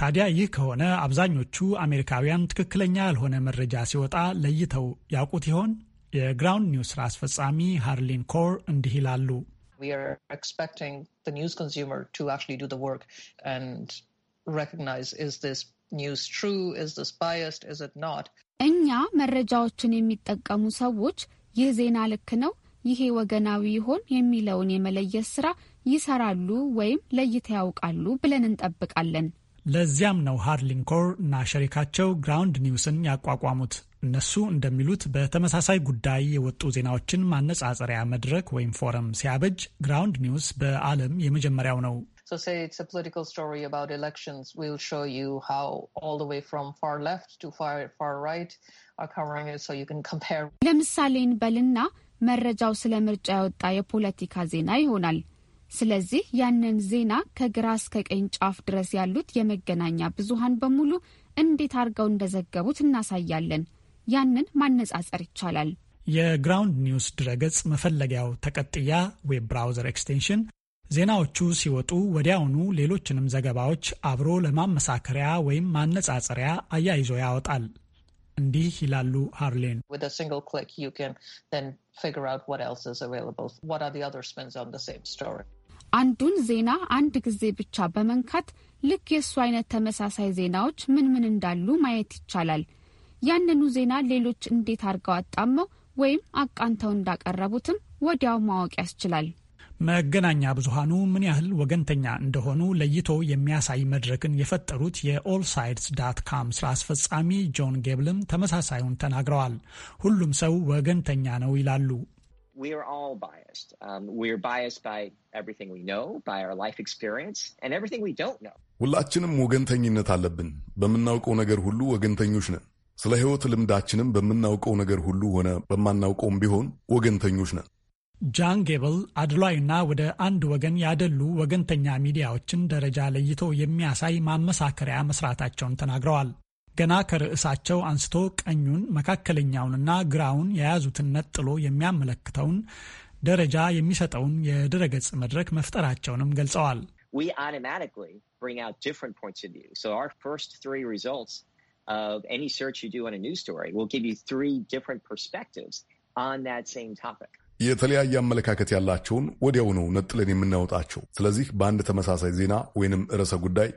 ታዲያ ይህ ከሆነ አብዛኞቹ አሜሪካውያን ትክክለኛ ያልሆነ መረጃ ሲወጣ ለይተው ያውቁት ይሆን? የግራውንድ ኒውስ ስራ አስፈጻሚ ሃርሊን ኮር እንዲህ ይላሉ። እኛ መረጃዎችን የሚጠቀሙ ሰዎች ይህ ዜና ልክ ነው ይሄ ወገናዊ ይሆን የሚለውን የመለየት ስራ ይሰራሉ ወይም ለይተ ያውቃሉ ብለን እንጠብቃለን። ለዚያም ነው ሃርሊንኮር እና ሸሪካቸው ግራውንድ ኒውስን ያቋቋሙት። እነሱ እንደሚሉት በተመሳሳይ ጉዳይ የወጡ ዜናዎችን ማነጻጸሪያ መድረክ ወይም ፎረም ሲያበጅ ግራውንድ ኒውስ በዓለም የመጀመሪያው ነው። ለምሳሌ እንበልና መረጃው ስለ ምርጫ የወጣ የፖለቲካ ዜና ይሆናል። ስለዚህ ያንን ዜና ከግራ እስከ ቀኝ ጫፍ ድረስ ያሉት የመገናኛ ብዙሃን በሙሉ እንዴት አድርገው እንደዘገቡት እናሳያለን። ያንን ማነጻጸር ይቻላል። የግራውንድ ኒውስ ድረገጽ መፈለጊያው ተቀጥያ ዌብ ብራውዘር ኤክስቴንሽን ዜናዎቹ ሲወጡ ወዲያውኑ ሌሎችንም ዘገባዎች አብሮ ለማመሳከሪያ ወይም ማነጻጸሪያ አያይዞ ያወጣል። እንዲህ ይላሉ ሃርሌን figure out what else is available. What are the other spins on the same story? አንዱን ዜና አንድ ጊዜ ብቻ በመንካት ልክ የእሱ አይነት ተመሳሳይ ዜናዎች ምን ምን እንዳሉ ማየት ይቻላል። ያንኑ ዜና ሌሎች እንዴት አድርገው አጣመው ወይም አቃንተው እንዳቀረቡትም ወዲያው ማወቅ ያስችላል። መገናኛ ብዙሃኑ ምን ያህል ወገንተኛ እንደሆኑ ለይቶ የሚያሳይ መድረክን የፈጠሩት የኦል ሳይድስ ዳት ካም ስራ አስፈጻሚ ጆን ጌብልም ተመሳሳዩን ተናግረዋል። ሁሉም ሰው ወገንተኛ ነው ይላሉ። um, ሁላችንም ወገንተኝነት አለብን። በምናውቀው ነገር ሁሉ ወገንተኞች ነን። ስለ ሕይወት ልምዳችንም በምናውቀው ነገር ሁሉ ሆነ በማናውቀውም ቢሆን ወገንተኞች ነን። ጃን ጌብል አድሏይና ወደ አንድ ወገን ያደሉ ወገንተኛ ሚዲያዎችን ደረጃ ለይቶ የሚያሳይ ማመሳከሪያ መስራታቸውን ተናግረዋል። ገና ከርዕሳቸው አንስቶ ቀኙን መካከለኛውንና ግራውን የያዙትን ነጥሎ የሚያመለክተውን ደረጃ የሚሰጠውን የድረገጽ መድረክ መፍጠራቸውንም ገልጸዋል። የተለያየ አመለካከት ያላቸውን ወዲያውኑ ነጥለን የምናወጣቸው። ስለዚህ በአንድ ተመሳሳይ ዜና ወይንም ርዕሰ ጉዳይ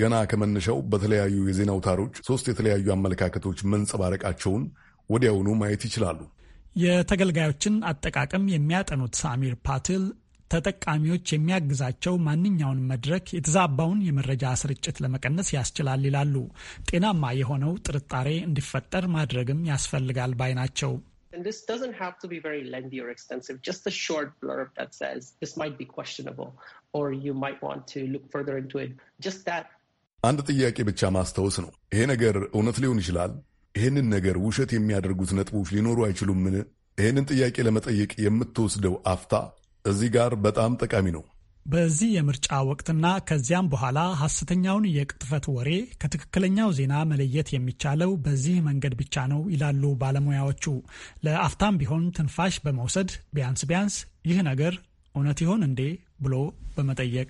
ገና ከመነሻው በተለያዩ የዜና አውታሮች ሶስት የተለያዩ አመለካከቶች መንጸባረቃቸውን ወዲያውኑ ማየት ይችላሉ። የተገልጋዮችን አጠቃቀም የሚያጠኑት ሳሚር ፓትል ተጠቃሚዎች የሚያግዛቸው ማንኛውን መድረክ የተዛባውን የመረጃ ስርጭት ለመቀነስ ያስችላል ይላሉ። ጤናማ የሆነው ጥርጣሬ እንዲፈጠር ማድረግም ያስፈልጋል ባይ ናቸው። And this doesn't have to be very lengthy or extensive, just a short blurb that says this might be questionable or you might want to look further into it. Just that. አንድ ጥያቄ ብቻ ማስታወስ ነው። ይሄ ነገር እውነት ሊሆን ይችላል። ይህንን ነገር ውሸት የሚያደርጉት ነጥቦች ሊኖሩ አይችሉም ምን? ይህንን ጥያቄ ለመጠየቅ የምትወስደው አፍታ እዚህ ጋር በጣም ጠቃሚ ነው። በዚህ የምርጫ ወቅትና ከዚያም በኋላ ሐሰተኛውን የቅጥፈት ወሬ ከትክክለኛው ዜና መለየት የሚቻለው በዚህ መንገድ ብቻ ነው ይላሉ ባለሙያዎቹ። ለአፍታም ቢሆን ትንፋሽ በመውሰድ ቢያንስ ቢያንስ ይህ ነገር እውነት ይሆን እንዴ ብሎ በመጠየቅ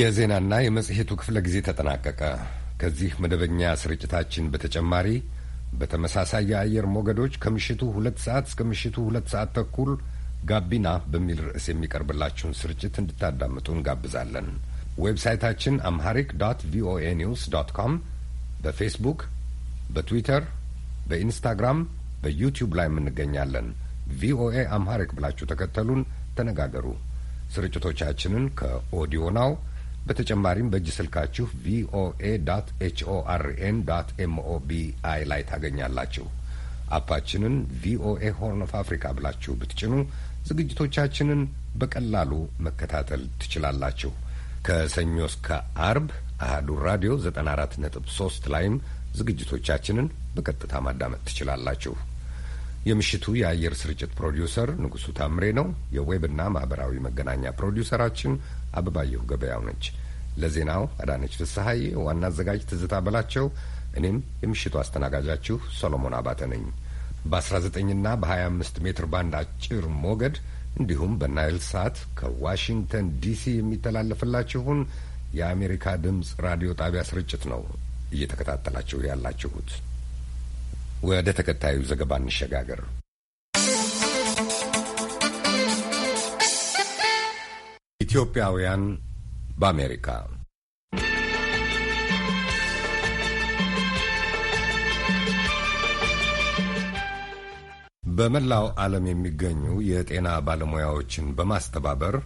የዜናና የመጽሔቱ ክፍለ ጊዜ ተጠናቀቀ። ከዚህ መደበኛ ስርጭታችን በተጨማሪ በተመሳሳይ የአየር ሞገዶች ከምሽቱ ሁለት ሰዓት እስከ ምሽቱ ሁለት ሰዓት ተኩል ጋቢና በሚል ርዕስ የሚቀርብላችሁን ስርጭት እንድታዳምጡ እንጋብዛለን። ዌብሳይታችን አምሃሪክ ዶት ቪኦኤ ኒውስ ዶት ኮም፣ በፌስቡክ፣ በትዊተር፣ በኢንስታግራም፣ በዩቲዩብ ላይ እንገኛለን። ቪኦኤ አምሃሪክ ብላችሁ ተከተሉን፣ ተነጋገሩ። ስርጭቶቻችንን ከኦዲዮ ናው በተጨማሪም በእጅ ስልካችሁ ቪኦኤ ዶት ኤችኦአርኤን ላይ ታገኛላችሁ። አፓችንን ቪኦኤ ሆርን ኦፍ አፍሪካ ብላችሁ ብትጭኑ ዝግጅቶቻችንን በቀላሉ መከታተል ትችላላችሁ። ከሰኞ እስከ አርብ አህዱ ራዲዮ 94.3 ላይም ዝግጅቶቻችንን በቀጥታ ማዳመጥ ትችላላችሁ። የምሽቱ የአየር ስርጭት ፕሮዲውሰር ንጉሡ ታምሬ ነው። የዌብና ማኅበራዊ መገናኛ ፕሮዲውሰራችን አበባየሁ ገበያው ነች። ለዜናው አዳነች ፍስሐዬ፣ ዋና አዘጋጅ ትዝታ በላቸው፣ እኔም የምሽቱ አስተናጋጃችሁ ሰሎሞን አባተ ነኝ። በ19ና በ25 ሜትር ባንድ አጭር ሞገድ እንዲሁም በናይል ሳት ከዋሽንግተን ዲሲ የሚተላለፍላችሁን የአሜሪካ ድምፅ ራዲዮ ጣቢያ ስርጭት ነው እየተከታተላችሁ ያላችሁት። ወደ ተከታዩ ዘገባ እንሸጋገር። ኢትዮጵያውያን በአሜሪካ በመላው ዓለም የሚገኙ የጤና ባለሙያዎችን በማስተባበር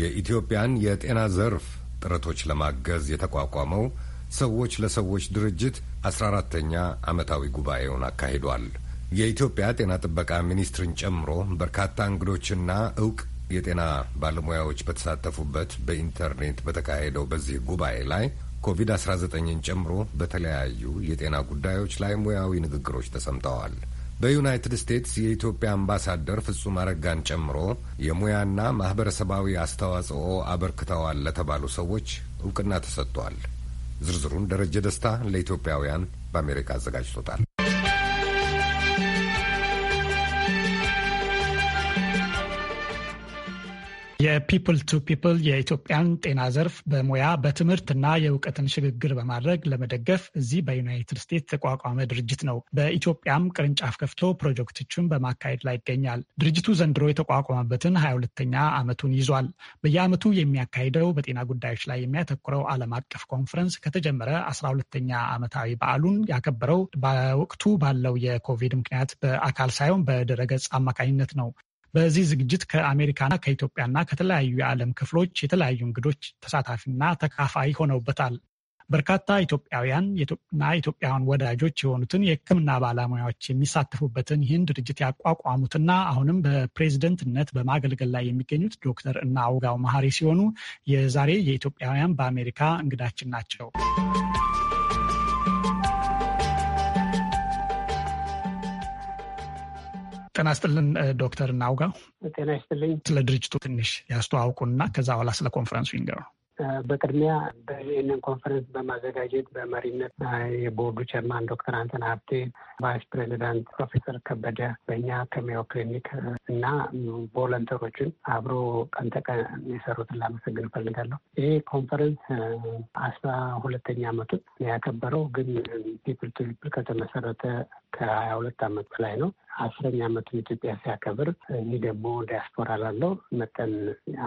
የኢትዮጵያን የጤና ዘርፍ ጥረቶች ለማገዝ የተቋቋመው ሰዎች ለሰዎች ድርጅት አስራ አራተኛ ዓመታዊ ጉባኤውን አካሂዷል። የኢትዮጵያ ጤና ጥበቃ ሚኒስትርን ጨምሮ በርካታ እንግዶችና እውቅ የጤና ባለሙያዎች በተሳተፉበት በኢንተርኔት በተካሄደው በዚህ ጉባኤ ላይ ኮቪድ-19ን ጨምሮ በተለያዩ የጤና ጉዳዮች ላይ ሙያዊ ንግግሮች ተሰምተዋል። በዩናይትድ ስቴትስ የኢትዮጵያ አምባሳደር ፍጹም አረጋን ጨምሮ የሙያና ማህበረሰባዊ አስተዋጽኦ አበርክተዋል ለተባሉ ሰዎች እውቅና ተሰጥቷል። ዝርዝሩን ደረጀ ደስታ ለኢትዮጵያውያን በአሜሪካ አዘጋጅቶታል። የፒፕል ቱ ፒፕል የኢትዮጵያን ጤና ዘርፍ በሙያ በትምህርትና የእውቀትን ሽግግር በማድረግ ለመደገፍ እዚህ በዩናይትድ ስቴትስ የተቋቋመ ድርጅት ነው። በኢትዮጵያም ቅርንጫፍ ከፍቶ ፕሮጀክቶችን በማካሄድ ላይ ይገኛል። ድርጅቱ ዘንድሮ የተቋቋመበትን ሀያ ሁለተኛ ዓመቱን ይዟል። በየዓመቱ የሚያካሂደው በጤና ጉዳዮች ላይ የሚያተኩረው ዓለም አቀፍ ኮንፈረንስ ከተጀመረ አስራ ሁለተኛ ዓመታዊ በዓሉን ያከበረው በወቅቱ ባለው የኮቪድ ምክንያት በአካል ሳይሆን በድረገጽ አማካኝነት ነው። በዚህ ዝግጅት ከአሜሪካና ከኢትዮጵያና ከተለያዩ የዓለም ክፍሎች የተለያዩ እንግዶች ተሳታፊና ተካፋይ ሆነውበታል። በርካታ ኢትዮጵያውያንና ኢትዮጵያውያን ወዳጆች የሆኑትን የሕክምና ባለሙያዎች የሚሳተፉበትን ይህን ድርጅት ያቋቋሙትና አሁንም በፕሬዝደንትነት በማገልገል ላይ የሚገኙት ዶክተር እናውጋው መሐሪ ሲሆኑ የዛሬ የኢትዮጵያውያን በአሜሪካ እንግዳችን ናቸው። ጤና ይስጥልን ዶክተር ናውጋ። ጤና ይስጥልኝ። ስለ ድርጅቱ ትንሽ ያስተዋውቁና ከዛ በኋላ ስለ ኮንፈረንሱ ይንገሩ። በቅድሚያ ይህንን ኮንፈረንስ በማዘጋጀት በመሪነት የቦርዱ ቸርማን ዶክተር አንተን ሀብቴ፣ ቫይስ ፕሬዚዳንት ፕሮፌሰር ከበደ በእኛ ከሜዮ ክሊኒክ እና ቮለንተሮችን አብሮ ቀን ተቀን የሰሩትን ላመሰግን እፈልጋለሁ። ይህ ኮንፈረንስ አስራ ሁለተኛ ዓመቱን ያከበረው ግን ፒፕል ቱ ፒፕል ከተመሰረተ ከሀያ ሁለት ዓመት በላይ ነው። አስረኛ ዓመቱን ኢትዮጵያ ሲያከብር እኔ ደግሞ ዲያስፖራ ላለው መጠን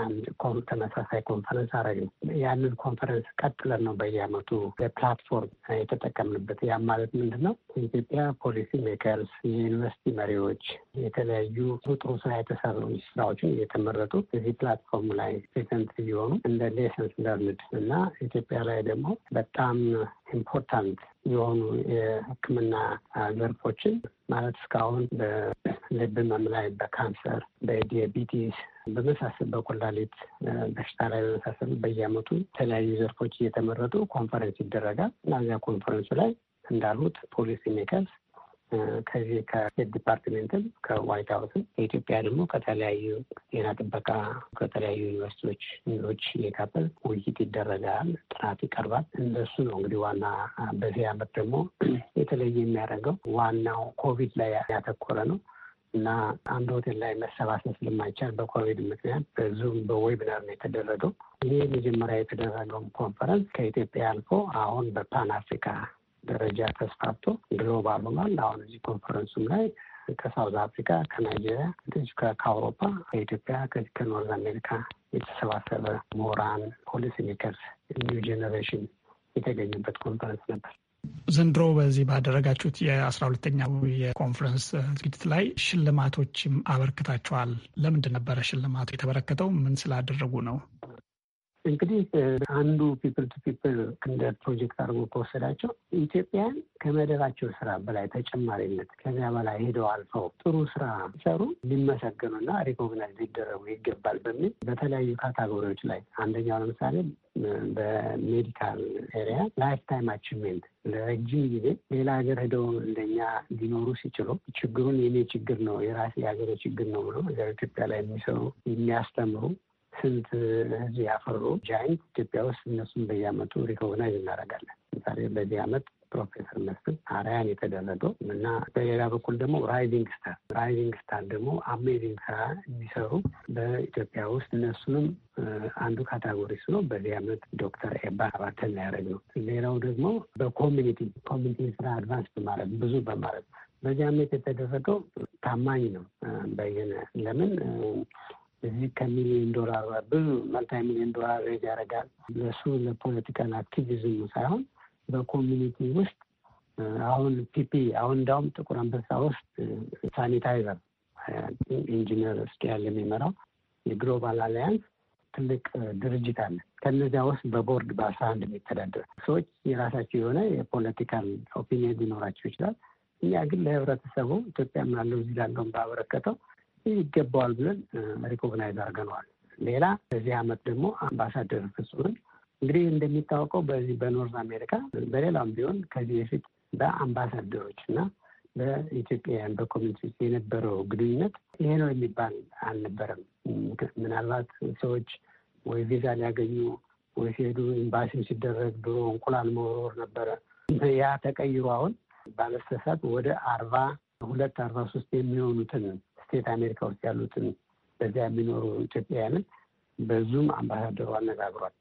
አንድ ተመሳሳይ ኮንፈረንስ አረግን። ያንን ኮንፈረንስ ቀጥለን ነው በየዓመቱ ፕላትፎርም የተጠቀምንበት። ያ ማለት ምንድን ነው? ኢትዮጵያ ፖሊሲ ሜከርስ፣ የዩኒቨርሲቲ መሪዎች፣ የተለያዩ ጥሩ ስራ የተሰሩ ስራዎችን እየተመረጡ እዚህ ፕላትፎርም ላይ ፕሬዘንት እየሆኑ እንደ ሌሰንስ ለርንድ እና ኢትዮጵያ ላይ ደግሞ በጣም ኢምፖርታንት የሆኑ የሕክምና ዘርፎችን ማለት እስካሁን በልብ ህመም ላይ፣ በካንሰር፣ በዲያቢቲስ በመሳሰል በኩላሊት በሽታ ላይ በመሳሰል በየአመቱ የተለያዩ ዘርፎች እየተመረጡ ኮንፈረንስ ይደረጋል እና እዚያ ኮንፈረንሱ ላይ እንዳሉት ፖሊሲ ሜከርስ ከዚህ ከስቴት ዲፓርትሜንትም ከዋይት ሀውስም ከኢትዮጵያ ደግሞ ከተለያዩ ጤና ጥበቃ ከተለያዩ ዩኒቨርሲቲዎች ች የካፈል ውይይት ይደረጋል፣ ጥናት ይቀርባል። እንደሱ ነው እንግዲህ ዋና በዚህ አመት ደግሞ የተለየ የሚያደርገው ዋናው ኮቪድ ላይ ያተኮረ ነው እና አንድ ሆቴል ላይ መሰባሰብ ስለማይቻል በኮቪድ ምክንያት በዙም በዌብናር ነው የተደረገው። ይህ መጀመሪያ የተደረገው ኮንፈረንስ ከኢትዮጵያ አልፎ አሁን በፓን አፍሪካ ደረጃ ተስፋፍቶ ድሮ ባሉማል አሁን እዚህ ኮንፈረንሱም ላይ ከሳውዝ አፍሪካ፣ ከናይጄሪያ፣ ከአውሮፓ፣ ከኢትዮጵያ፣ ከዚህ ከኖርዝ አሜሪካ የተሰባሰበ ምሁራን፣ ፖሊሲ ሜከርስ፣ ኒው ጄኔሬሽን የተገኙበት ኮንፈረንስ ነበር። ዘንድሮ በዚህ ባደረጋችሁት የአስራ ሁለተኛው የኮንፈረንስ ዝግጅት ላይ ሽልማቶችም አበርክታችኋል። ለምንድን ነበረ ሽልማቱ የተበረከተው? ምን ስላደረጉ ነው? እንግዲህ አንዱ ፒፕል ቱ ፒፕል እንደ ፕሮጀክት አድርጎ ከወሰዳቸው ኢትዮጵያን ከመደባቸው ስራ በላይ ተጨማሪነት ከዚያ በላይ ሄደው አልፈው ጥሩ ስራ ሰሩ ሊመሰገኑና ሪኮግናይዝ ሊደረጉ ይገባል በሚል በተለያዩ ካታጎሪዎች ላይ አንደኛው ለምሳሌ በሜዲካል ኤሪያ ላይፍ ታይም አቺቭሜንት ለረጅም ጊዜ ሌላ ሀገር ሄደው እንደኛ ሊኖሩ ሲችሉ ችግሩን የኔ ችግር ነው የራሴ የሀገሬ ችግር ነው ብሎ ኢትዮጵያ ላይ የሚሰሩ የሚያስተምሩ ስንት ህዝብ ያፈሩ ጃይንት ኢትዮጵያ ውስጥ እነሱም በየአመቱ ሪኮግናይዝ እናደርጋለን። ምሳሌ በዚህ አመት ፕሮፌሰር መስፍን አርያን የተደረገው እና በሌላ በኩል ደግሞ ራይዚንግ ስታር ራይዚንግ ስታር ደግሞ አሜዚንግ ስራ የሚሰሩ በኢትዮጵያ ውስጥ እነሱንም አንዱ ካታጎሪ ስኖ በዚህ አመት ዶክተር ኤባ አባተን ያደረግ ነው። ሌላው ደግሞ በኮሚኒቲ ኮሚኒቲ ስራ አድቫንስ በማድረግ ብዙ በማድረግ በዚህ አመት የተደረገው ታማኝ ነው በየነ ለምን ከሚሊዮን ዶላር ብዙ መልታ ሚሊዮን ዶላር ሬዝ ያደርጋል። ለሱ ለፖለቲካል አክቲቪዝም ሳይሆን በኮሚኒቲ ውስጥ አሁን ፒፒ አሁን እንዳውም ጥቁር አንበሳ ውስጥ ሳኒታይዘር ኢንጂነር እስኪያል የሚመራው የግሎባል አላያንስ ትልቅ ድርጅት አለ። ከነዚያ ውስጥ በቦርድ በአስራ አንድ የሚተዳደር ሰዎች የራሳቸው የሆነ የፖለቲካል ኦፒኒየን ሊኖራቸው ይችላል። እኛ ግን ለህብረተሰቡ ኢትዮጵያም ላለው እዚህ ላለውን ባበረከተው ይገባዋል ብለን ሪኮግናይዝ አድርገነዋል። ሌላ በዚህ አመት ደግሞ አምባሳደር ፍጹምን እንግዲህ እንደሚታወቀው በዚህ በኖርዝ አሜሪካ በሌላም ቢሆን ከዚህ በፊት በአምባሳደሮች እና በኢትዮጵያውያን በኮሚኒቲ የነበረው ግንኙነት ይሄ ነው የሚባል አልነበረም። ምናልባት ሰዎች ወይ ቪዛ ሊያገኙ ወይ ሲሄዱ ኤምባሲም ሲደረግ ድሮ እንቁላል መወርወር ነበረ። ያ ተቀይሮ አሁን ባለስተሳት ወደ አርባ ሁለት አርባ ሶስት የሚሆኑትን ስቴት አሜሪካ ውስጥ ያሉትን በዚያ የሚኖሩ ኢትዮጵያውያንን በዙም አምባሳደሩ አነጋግሯል።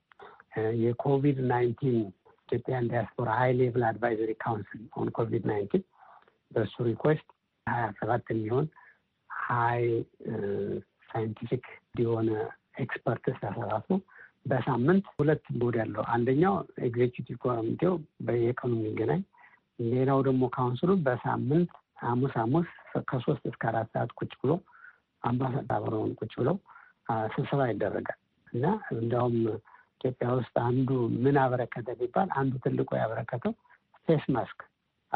የኮቪድ ናይንቲን ኢትዮጵያን ዲያስፖራ ሃይ ሌቭል አድቫይዘሪ ካውንስል ኦን ኮቪድ ናይንቲን በእሱ ሪኮስት ሀያ ሰባት የሚሆን ሀይ ሳይንቲፊክ የሆነ ኤክስፐርትስ ተሰባስቦ በሳምንት ሁለት ቦድ ያለው አንደኛው ኤግዜኪቲቭ ኮሚቴው በየቀኑ የሚገናኝ፣ ሌላው ደግሞ ካውንስሉ በሳምንት ሐሙስ ሐሙስ ከሶስት እስከ አራት ሰዓት ቁጭ ብሎ አምባሳደሩን ቁጭ ብለው ስብሰባ ይደረጋል እና እንዲያውም ኢትዮጵያ ውስጥ አንዱ ምን አበረከተ ቢባል አንዱ ትልቁ ያበረከተው ፌስ ማስክ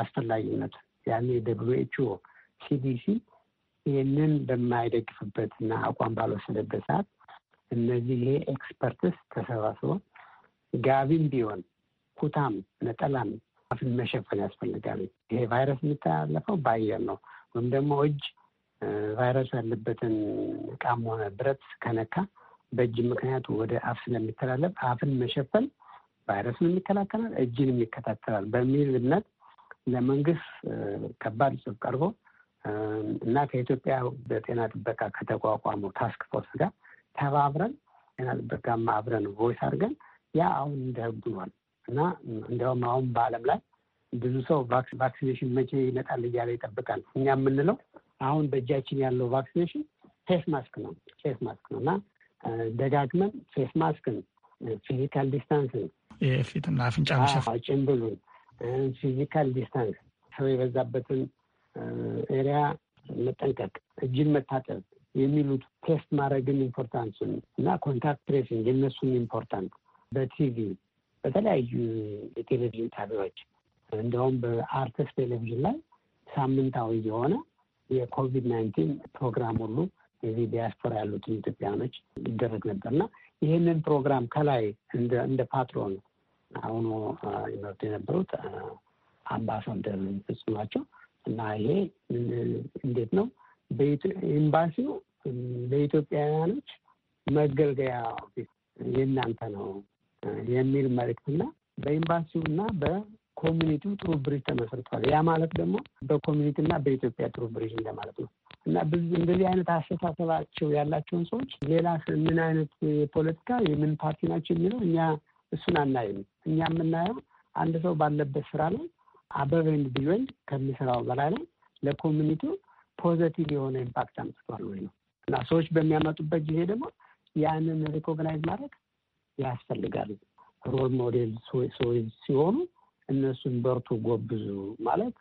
አስፈላጊነቱ ያኔ ደብሊው ኤች ኦ ሲዲሲ ይህንን በማይደግፍበት እና አቋም ባልወሰደበት ሰዓት እነዚህ ይሄ ኤክስፐርትስ ተሰባስቦ ጋቢም ቢሆን ኩታም ነጠላም አፍን መሸፈን ያስፈልጋል። ይሄ ቫይረስ የሚተላለፈው በአየር ነው። ወይም ደግሞ እጅ ቫይረስ ያለበትን እቃም ሆነ ብረት ከነካ በእጅ ምክንያት ወደ አፍ ስለሚተላለፍ አፍን መሸፈን ቫይረስን የሚከላከላል፣ እጅንም ይከታተላል በሚል እምነት ለመንግስት ከባድ ጽብ ቀርቦ እና ከኢትዮጵያ በጤና ጥበቃ ከተቋቋመው ታስክ ፎርስ ጋር ተባብረን ጤና ጥበቃ አብረን ቮይስ አድርገን ያ አሁን እንደ ህግ ሆኗል እና እንዲያውም አሁን በዓለም ላይ ብዙ ሰው ቫክሲኔሽን መቼ ይመጣል እያለ ይጠብቃል። እኛ የምንለው አሁን በእጃችን ያለው ቫክሲኔሽን ፌስ ማስክ ነው። ፌስ ማስክ ነው እና ደጋግመን ፌስ ማስክን፣ ፊዚካል ዲስታንስን፣ የፊትና አፍንጫ መሸፈን፣ ጭንብሉን፣ ፊዚካል ዲስታንስ፣ ሰው የበዛበትን ኤሪያ መጠንቀቅ፣ እጅን መታጠብ የሚሉት ቴስት ማድረግን ኢምፖርታንሱን እና ኮንታክት ትሬሲንግ የነሱን ኢምፖርታንት በቲቪ በተለያዩ የቴሌቪዥን ጣቢያዎች እንዲሁም በአርትስ ቴሌቪዥን ላይ ሳምንታዊ የሆነ የኮቪድ ናይንቲን ፕሮግራም ሁሉ የዚህ ዲያስፖራ ያሉትን ኢትዮጵያኖች ይደረግ ነበር እና ይህንን ፕሮግራም ከላይ እንደ ፓትሮን አሁኑ ይመርቱ የነበሩት አምባሳደር ፍጹም እና ይሄ እንዴት ነው ኤምባሲው ለኢትዮጵያውያኖች መገልገያ የእናንተ ነው የሚል መልእክትና በኤምባሲው እና ኮሚኒቲው ጥሩ ብሪጅ ተመስርቷል። ያ ማለት ደግሞ በኮሚኒቲ እና በኢትዮጵያ ጥሩ ብሪጅ እንደማለት ነው እና እንደዚህ አይነት አስተሳሰባቸው ያላቸውን ሰዎች ሌላ ምን አይነት የፖለቲካ የምን ፓርቲ ናቸው የሚለው እኛ እሱን አናይም። እኛ የምናየው አንድ ሰው ባለበት ስራ ላይ አበበ ቢወልድ ከሚሰራው በላይ ላይ ለኮሚኒቲው ፖዘቲቭ የሆነ ኢምፓክት አምጥቷል ወይ ነው እና ሰዎች በሚያመጡበት ጊዜ ደግሞ ያንን ሪኮግናይዝ ማድረግ ያስፈልጋል። ሮል ሞዴል ሰዎች ሲሆኑ እነሱን በርቱ ጎብዙ ማለት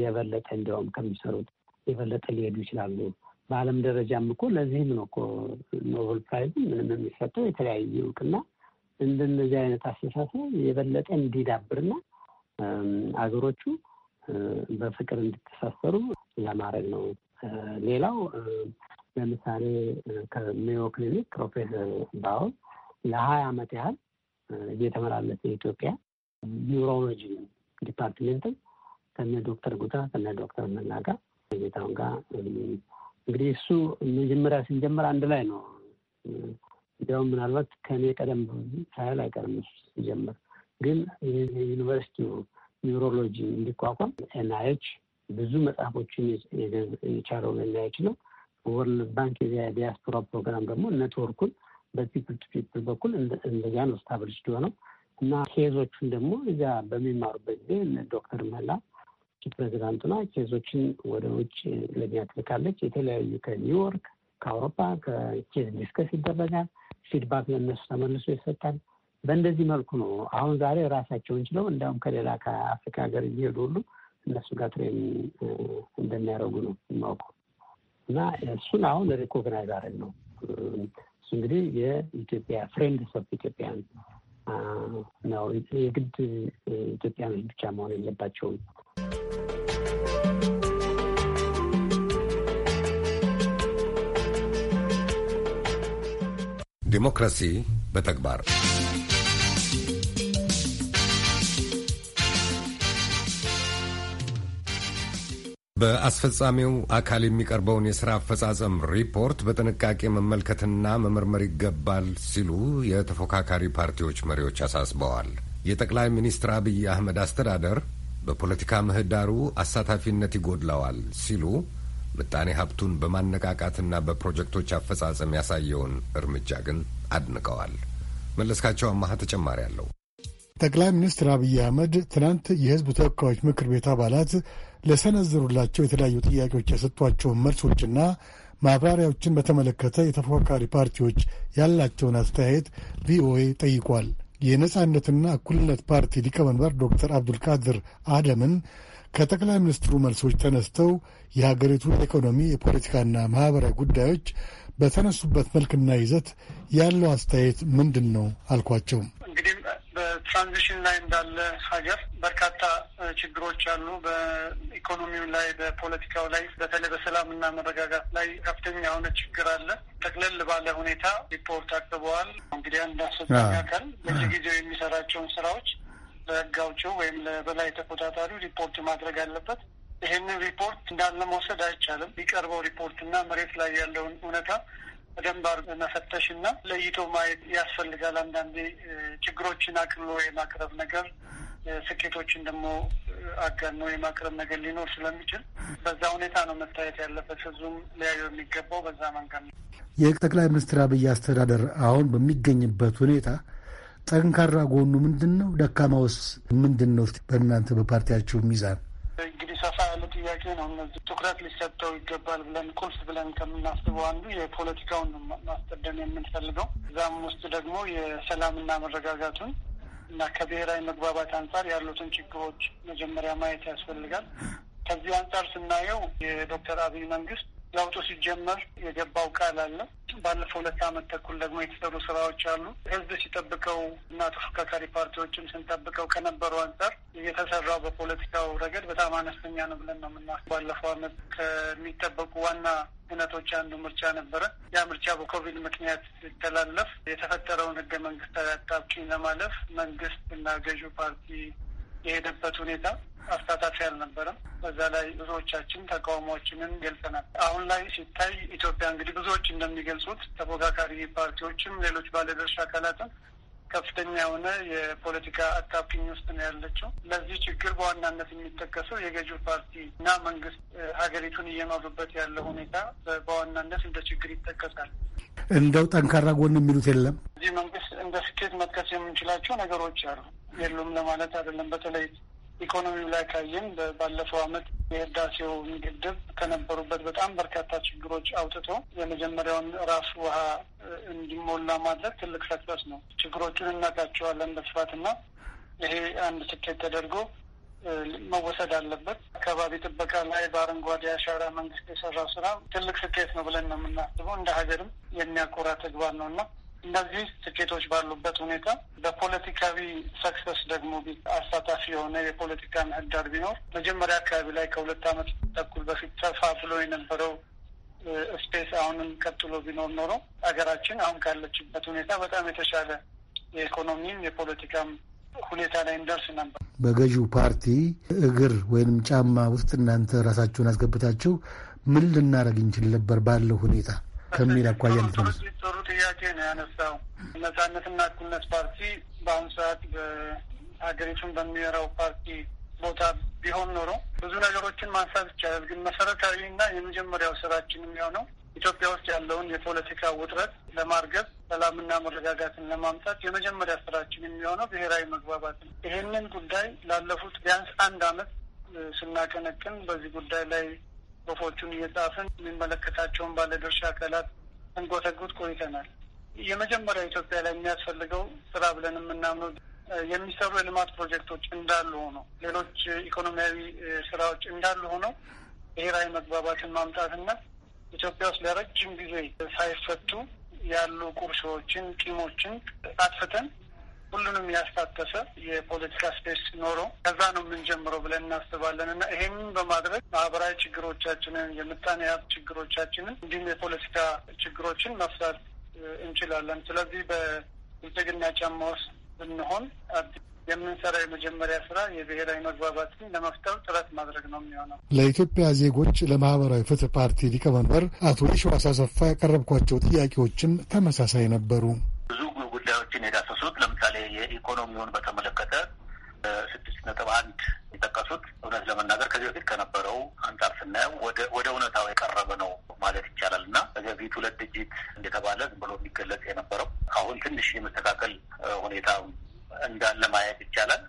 የበለጠ እንዲያውም ከሚሰሩት የበለጠ ሊሄዱ ይችላሉ። በዓለም ደረጃም እኮ ለዚህም ነው እኮ ፕራይዝ ምንም የሚሰጠው የተለያዩ እውቅና እንደነዚህ አይነት አስተሳሰብ የበለጠ እንዲዳብርና አገሮቹ በፍቅር እንዲተሳሰሩ ለማድረግ ነው። ሌላው ለምሳሌ ከሜዮ ክሊኒክ ፕሮፌሰር ባሁን ለሀያ ዓመት ያህል እየተመላለሰ ኢትዮጵያ ኒውሮሎጂ ዲፓርትሜንትም ከነ ዶክተር ጉታ ከነ ዶክተር መናጋ ጌታሁን ጋር እንግዲህ እሱ መጀመሪያ ሲጀምር አንድ ላይ ነው። እንዲያውም ምናልባት ከእኔ ቀደም ሳይል አይቀርም እሱ ሲጀምር። ግን የዩኒቨርሲቲው ኒውሮሎጂ እንዲቋቋም ኤንአይች ብዙ መጽሐፎችን የቻለው ኤንአይች ነው። ወርልድ ባንክ የዲያስፖራ ፕሮግራም ደግሞ ኔትወርኩን በፒፕል ቱ ፒፕል በኩል እንደዚያ ነው ስታብሊሽ ሆነው እና ኬዞቹን ደግሞ እዚያ በሚማሩበት ጊዜ ዶክተር መላ ፕሬዚዳንቱና ኬዞችን ወደ ውጭ ለኛ ትልካለች። የተለያዩ ከኒውዮርክ ከአውሮፓ ከኬዝ ዲስከስ ይደረጋል። ፊድባክ ለነሱ ተመልሶ ይሰጣል። በእንደዚህ መልኩ ነው አሁን ዛሬ ራሳቸውን ችለው እንዲያውም ከሌላ ከአፍሪካ ሀገር እየሄዱ ሁሉ እነሱ ጋር ትሬን እንደሚያደርጉ ነው የማውቀው እና እሱን አሁን ሪኮግናይዝ አረግ ነው እሱ እንግዲህ የኢትዮጵያ ፍሬንድስ ኦፍ ኢትዮጵያን ነው። የግድ ኢትዮጵያን ብቻ መሆን የለባቸውም። ዲሞክራሲ በተግባር በአስፈጻሚው አካል የሚቀርበውን የስራ አፈጻጸም ሪፖርት በጥንቃቄ መመልከትና መመርመር ይገባል ሲሉ የተፎካካሪ ፓርቲዎች መሪዎች አሳስበዋል። የጠቅላይ ሚኒስትር አብይ አህመድ አስተዳደር በፖለቲካ ምህዳሩ አሳታፊነት ይጎድለዋል ሲሉ ምጣኔ ሀብቱን በማነቃቃትና በፕሮጀክቶች አፈጻጸም ያሳየውን እርምጃ ግን አድንቀዋል። መለስካቸው አማሃ ተጨማሪ አለው። ጠቅላይ ሚኒስትር አብይ አህመድ ትናንት የህዝብ ተወካዮች ምክር ቤት አባላት ለሰነዘሩላቸው የተለያዩ ጥያቄዎች የሰጧቸውን መልሶችና ማብራሪያዎችን በተመለከተ የተፎካካሪ ፓርቲዎች ያላቸውን አስተያየት ቪኦኤ ጠይቋል። የነጻነትና እኩልነት ፓርቲ ሊቀመንበር ዶክተር አብዱልቃድር አደምን ከጠቅላይ ሚኒስትሩ መልሶች ተነስተው የሀገሪቱ ኢኮኖሚ፣ የፖለቲካና ማኅበራዊ ጉዳዮች በተነሱበት መልክና ይዘት ያለው አስተያየት ምንድን ነው አልኳቸው። እንግዲህ በትራንዚሽን ላይ እንዳለ ሀገር በርካታ ችግሮች አሉ። በኢኮኖሚው ላይ፣ በፖለቲካው ላይ፣ በተለይ በሰላምና መረጋጋት ላይ ከፍተኛ የሆነ ችግር አለ። ጠቅለል ባለ ሁኔታ ሪፖርት አቅርበዋል። እንግዲህ አንድ አስፈጻሚ አካል በየጊዜው የሚሰራቸውን ስራዎች ለህግ አውጪው ወይም ለበላይ ተቆጣጣሪው ሪፖርት ማድረግ አለበት። ይህንን ሪፖርት እንዳለ መውሰድ አይቻልም። የሚቀርበው ሪፖርትና መሬት ላይ ያለውን እውነታ በደንብ መፈተሽ እና ለይቶ ማየት ያስፈልጋል። አንዳንዴ ችግሮችን አቅልሎ የማቅረብ ነገር ስኬቶችን ደግሞ አጋኖ የማቅረብ ነገር ሊኖር ስለሚችል በዛ ሁኔታ ነው መታየት ያለበት። ህዝቡም ሊያየው የሚገባው በዛ መንገድ ነው። የጠቅላይ ሚኒስትር አብይ አስተዳደር አሁን በሚገኝበት ሁኔታ ጠንካራ ጎኑ ምንድን ነው? ደካማውስ ምንድን ነው? በእናንተ በፓርቲያችሁ ሚዛን እንግዲህ ያለ ጥያቄ ነው። እነዚህ ትኩረት ሊሰጠው ይገባል ብለን ቁልፍ ብለን ከምናስበው አንዱ የፖለቲካውን ማስቀደም የምንፈልገው እዛም ውስጥ ደግሞ የሰላምና መረጋጋቱን እና ከብሔራዊ መግባባት አንጻር ያሉትን ችግሮች መጀመሪያ ማየት ያስፈልጋል። ከዚህ አንጻር ስናየው የዶክተር አብይ መንግስት ለውጡ ሲጀመር የገባው ቃል አለ። ባለፈው ሁለት አመት ተኩል ደግሞ የተሰሩ ስራዎች አሉ። ህዝብ ሲጠብቀው እና ተፎካካሪ ፓርቲዎችም ስንጠብቀው ከነበረው አንጻር እየተሰራው በፖለቲካው ረገድ በጣም አነስተኛ ነው ብለን ነው የምና ባለፈው አመት ከሚጠበቁ ዋና እውነቶች አንዱ ምርጫ ነበረ። ያ ምርጫ በኮቪድ ምክንያት ሲተላለፍ የተፈጠረውን ህገ መንግስታዊ አጣብቂኝ ለማለፍ መንግስት እና ገዢው ፓርቲ የሄደበት ሁኔታ አሳታፊ አልነበረም። በዛ ላይ ብዙዎቻችን ተቃውሞዎችንን ገልጸናል። አሁን ላይ ሲታይ ኢትዮጵያ እንግዲህ ብዙዎች እንደሚገልጹት ተፎካካሪ ፓርቲዎችም ሌሎች ባለድርሻ አካላትም ከፍተኛ የሆነ የፖለቲካ አጣብቂኝ ውስጥ ነው ያለችው። ለዚህ ችግር በዋናነት የሚጠቀሰው የገዢው ፓርቲ እና መንግስት ሀገሪቱን እየመሩበት ያለው ሁኔታ በዋናነት እንደ ችግር ይጠቀሳል። እንደው ጠንካራ ጎን የሚሉት የለም። እዚህ መንግስት እንደ ስኬት መጥቀስ የምንችላቸው ነገሮች አሉ፣ የሉም ለማለት አይደለም። በተለይ ኢኮኖሚው ላይ ካየን ባለፈው አመት የህዳሴውን ግድብ ከነበሩበት በጣም በርካታ ችግሮች አውጥቶ የመጀመሪያውን ራስ ውሃ እንዲሞላ ማድረግ ትልቅ ሰክሰስ ነው። ችግሮቹን እናውቃቸዋለን በስፋትና ይሄ አንድ ስኬት ተደርጎ መወሰድ አለበት። አካባቢ ጥበቃ ላይ በአረንጓዴ አሻራ መንግስት የሰራው ስራ ትልቅ ስኬት ነው ብለን ነው የምናስበው። እንደ ሀገርም የሚያኮራ ተግባር ነው እና እነዚህ ስኬቶች ባሉበት ሁኔታ በፖለቲካዊ ሰክሰስ ደግሞ አሳታፊ የሆነ የፖለቲካ ምህዳር ቢኖር መጀመሪያ አካባቢ ላይ ከሁለት ዓመት ተኩል በፊት ሰፋ ብሎ የነበረው ስፔስ አሁንም ቀጥሎ ቢኖር ኖሮ ሀገራችን አሁን ካለችበት ሁኔታ በጣም የተሻለ የኢኮኖሚም የፖለቲካም ሁኔታ ላይ እንደርስ ነበር። በገዢው ፓርቲ እግር ወይንም ጫማ ውስጥ እናንተ ራሳችሁን አስገብታችሁ ምን ልናደርግ እንችል ነበር ባለው ሁኔታ ከሚል አኳያ ጥሩ ጥያቄ ነው ያነሳው። ነጻነትና እኩልነት ፓርቲ በአሁኑ ሰዓት በሀገሪቱን በሚመራው ፓርቲ ቦታ ቢሆን ኖሮ ብዙ ነገሮችን ማንሳት ይቻላል። ግን መሰረታዊና የመጀመሪያው ስራችን የሚሆነው ኢትዮጵያ ውስጥ ያለውን የፖለቲካ ውጥረት ለማርገብ ሰላምና መረጋጋትን ለማምጣት የመጀመሪያ ስራችን የሚሆነው ብሔራዊ መግባባት ነው። ይህንን ጉዳይ ላለፉት ቢያንስ አንድ አመት ስናቀነቅን በዚህ ጉዳይ ላይ ጽሁፎቹን እየጻፍን የሚመለከታቸውን ባለድርሻ አካላት እንጎተጉት ቆይተናል። የመጀመሪያ ኢትዮጵያ ላይ የሚያስፈልገው ስራ ብለን የምናምነው የሚሰሩ የልማት ፕሮጀክቶች እንዳሉ ሆኖ ሌሎች ኢኮኖሚያዊ ስራዎች እንዳሉ ሆነው ብሔራዊ መግባባትን ማምጣትና ኢትዮጵያ ውስጥ ለረጅም ጊዜ ሳይፈቱ ያሉ ቁርሾዎችን፣ ቂሞችን አጥፍተን ሁሉንም ያሳተፈ የፖለቲካ ስፔስ ኖሮ ከዛ ነው የምንጀምረው ብለን እናስባለን እና ይሄንን በማድረግ ማህበራዊ ችግሮቻችንን፣ የምጣኔ ሀብት ችግሮቻችንን እንዲሁም የፖለቲካ ችግሮችን መፍታት እንችላለን። ስለዚህ በብልጽግና ጫማ ውስጥ ብንሆን የምንሰራ የመጀመሪያ ስራ የብሔራዊ መግባባትን ለመፍጠር ጥረት ማድረግ ነው የሚሆነው። ለኢትዮጵያ ዜጎች ለማህበራዊ ፍትህ ፓርቲ ሊቀመንበር አቶ የሺዋስ አሰፋ ያቀረብኳቸው ጥያቄዎችም ተመሳሳይ ነበሩ። ብዙ ጉዳዮችን የዳሰሱት የኢኮኖሚውን በተመለከተ ስድስት ነጥብ አንድ የጠቀሱት እውነት ለመናገር ከዚህ በፊት ከነበረው አንጻር ስናየው ወደ እውነታው የቀረበ ነው ማለት ይቻላል እና ከዚህ በፊት ሁለት ድጅት እንደተባለ ዝም ብሎ የሚገለጽ የነበረው አሁን ትንሽ የመስተካከል ሁኔታ እንዳለ ማየት ይቻላል።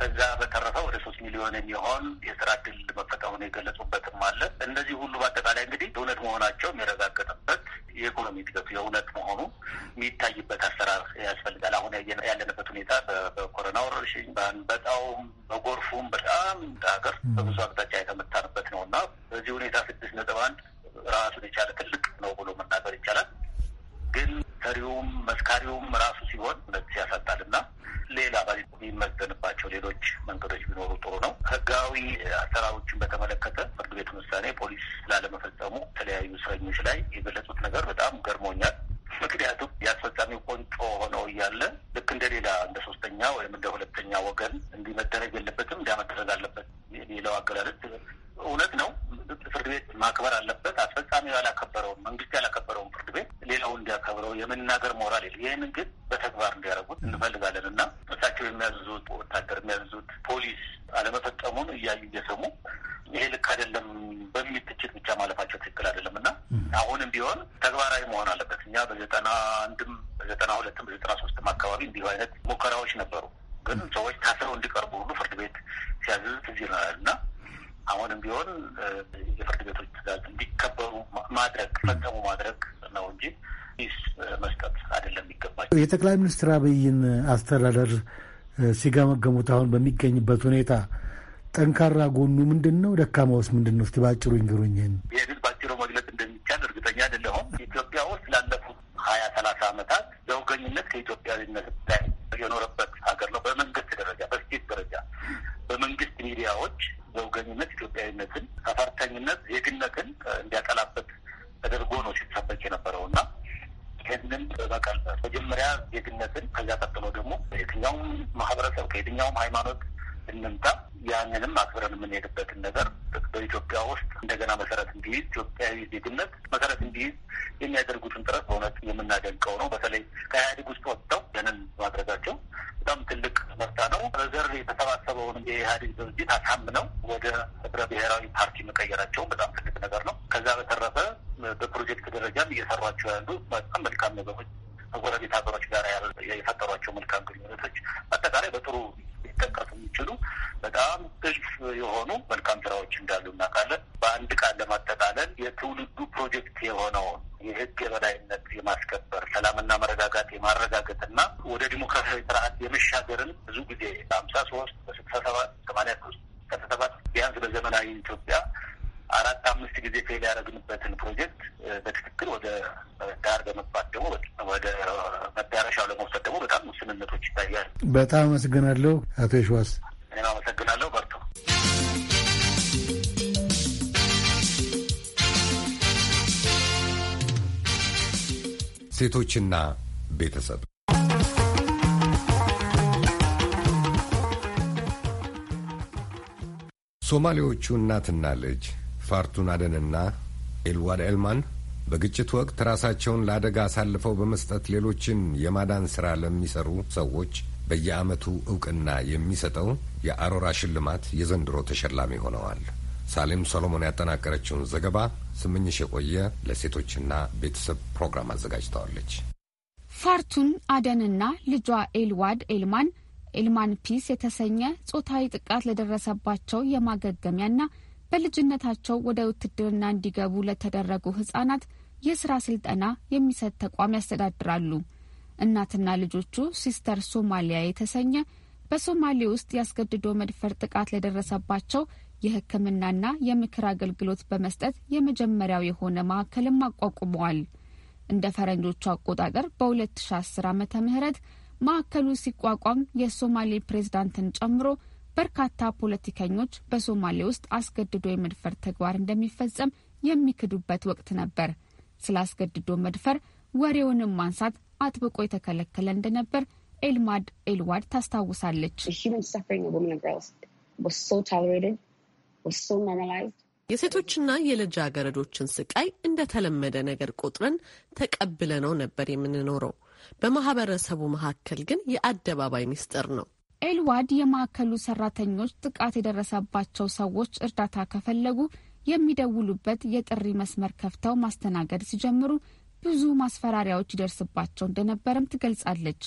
ከዛ በተረፈ ወደ ሶስት ሚሊዮን የሚሆን የስራ እድል መፈጠሩን የገለጹበትም አለ። እነዚህ ሁሉ በአጠቃላይ እንግዲህ እውነት መሆናቸው የሚረጋገጥበት የኢኮኖሚ እድገቱ የእውነት መሆኑ የሚታይበት አሰራር ያስፈልጋል። አሁን ያለንበት ሁኔታ በኮሮና ወረርሽኝ፣ በአንበጣውም፣ በጎርፉም በጣም ሀገር በብዙ አቅጣጫ የተመታንበት ነው እና በዚህ ሁኔታ ስድስት ነጥብ አንድ ራሱን የቻለ ትልቅ ነው ብሎ መናገር ይቻላል ግን ሰሪውም መስካሪውም ራሱ ሲሆን እንደዚህ ያሳጣል እና ሌላ የሚመዘንባቸው ሌሎች መንገዶች ቢኖሩ ጥሩ ነው። ህጋዊ አሰራሮችን በተመለከተ ፍርድ ቤት ውሳኔ ፖሊስ ላለመፈጸሙ የተለያዩ እስረኞች ላይ የገለጹት ነገር በጣም ገርሞኛል። ምክንያቱም የአስፈጻሚው ቆንጮ ሆነው እያለ ልክ እንደ ሌላ እንደ ሶስተኛ ወይም እንደ ሁለተኛ ወገን እንዲህ መደረግ የለበትም እንዲያ መደረግ አለበት የሚለው አገላለጽ እውነት ነው። ፍርድ ቤት ማክበር አለበት። አስፈጻሚው ያላከበረውን መንግስት ያላከበረውን ፍርድ ቤት ሌላው እንዲያከብረው የመናገር ሞራል የለ። ይህንን ግን በተግባር እንዲያደርጉት እንፈልጋለን እና እሳቸው የሚያዝዙት ወታደር የሚያዝዙት ፖሊስ አለመፈጸሙን እያዩ እየሰሙ ይሄ ልክ አይደለም በሚል ትችት ብቻ ማለፋቸው ትክክል አይደለም እና አሁንም ቢሆን ተግባራዊ መሆን አለበት። እኛ በዘጠና አንድም በዘጠና ሁለትም በዘጠና ሶስትም አካባቢ እንዲሁ አይነት ሙከራዎች ነበሩ። ግን ሰዎች ታስረው እንዲቀርቡ ሁሉ ፍርድ ቤት ሲያዝዝ ትዝ ይለናል እና አሁንም ቢሆን የፍርድ ቤቶች ትእዛዝ እንዲከበሩ ማድረግ ፈጸሙ ማድረግ ነው እንጂ ስ መስጠት አይደለም የሚገባቸው። የጠቅላይ ሚኒስትር አብይን አስተዳደር ሲገመገሙት አሁን በሚገኝበት ሁኔታ ጠንካራ ጎኑ ምንድን ነው? ደካማውስ ምንድን ነው? እስቲ ባጭሩ ይንገሩኝን። ይህንን ባጭሩ መግለጽ አመሰግናለሁ አቶ የሸዋስ። እኔም አመሰግናለሁ። በርቱ። ሴቶችና ቤተሰብ ሶማሌዎቹ እናትና ልጅ ፋርቱን አደንና ኤልዋድ ኤልማን በግጭት ወቅት ራሳቸውን ለአደጋ አሳልፈው በመስጠት ሌሎችን የማዳን ሥራ ለሚሰሩ ሰዎች በየዓመቱ እውቅና የሚሰጠው የአሮራ ሽልማት የዘንድሮ ተሸላሚ ሆነዋል። ሳሌም ሰሎሞን ያጠናቀረችውን ዘገባ ስምኝሽ የቆየ ለሴቶችና ቤተሰብ ፕሮግራም አዘጋጅተዋለች። ፋርቱን አደንና ልጇ ኤልዋድ ኤልማን ኤልማን ፒስ የተሰኘ ጾታዊ ጥቃት ለደረሰባቸው የማገገሚያና በልጅነታቸው ወደ ውትድርና እንዲገቡ ለተደረጉ ህጻናት የስራ ስልጠና የሚሰጥ ተቋም ያስተዳድራሉ። እናትና ልጆቹ ሲስተር ሶማሊያ የተሰኘ በሶማሌ ውስጥ ያስገድዶ መድፈር ጥቃት ለደረሰባቸው የሕክምናና የምክር አገልግሎት በመስጠት የመጀመሪያው የሆነ ማዕከልም አቋቁመዋል። እንደ ፈረንጆቹ አቆጣጠር በ2010 ዓ ም ማዕከሉ ሲቋቋም የሶማሌ ፕሬዝዳንትን ጨምሮ በርካታ ፖለቲከኞች በሶማሌ ውስጥ አስገድዶ የመድፈር ተግባር እንደሚፈጸም የሚክዱበት ወቅት ነበር። ስለ አስገድዶ መድፈር ወሬውንም ማንሳት አጥብቆ የተከለከለ እንደነበር ኤልማድ ኤልዋድ ታስታውሳለች። የሴቶችና የልጃገረዶችን ስቃይ እንደተለመደ ነገር ቆጥረን ተቀብለ ነው ነበር የምንኖረው። በማህበረሰቡ መካከል ግን የአደባባይ ምስጢር ነው። ኤልዋድ የማዕከሉ ሰራተኞች ጥቃት የደረሰባቸው ሰዎች እርዳታ ከፈለጉ የሚደውሉበት የጥሪ መስመር ከፍተው ማስተናገድ ሲጀምሩ ብዙ ማስፈራሪያዎች ይደርስባቸው እንደነበረም ትገልጻለች።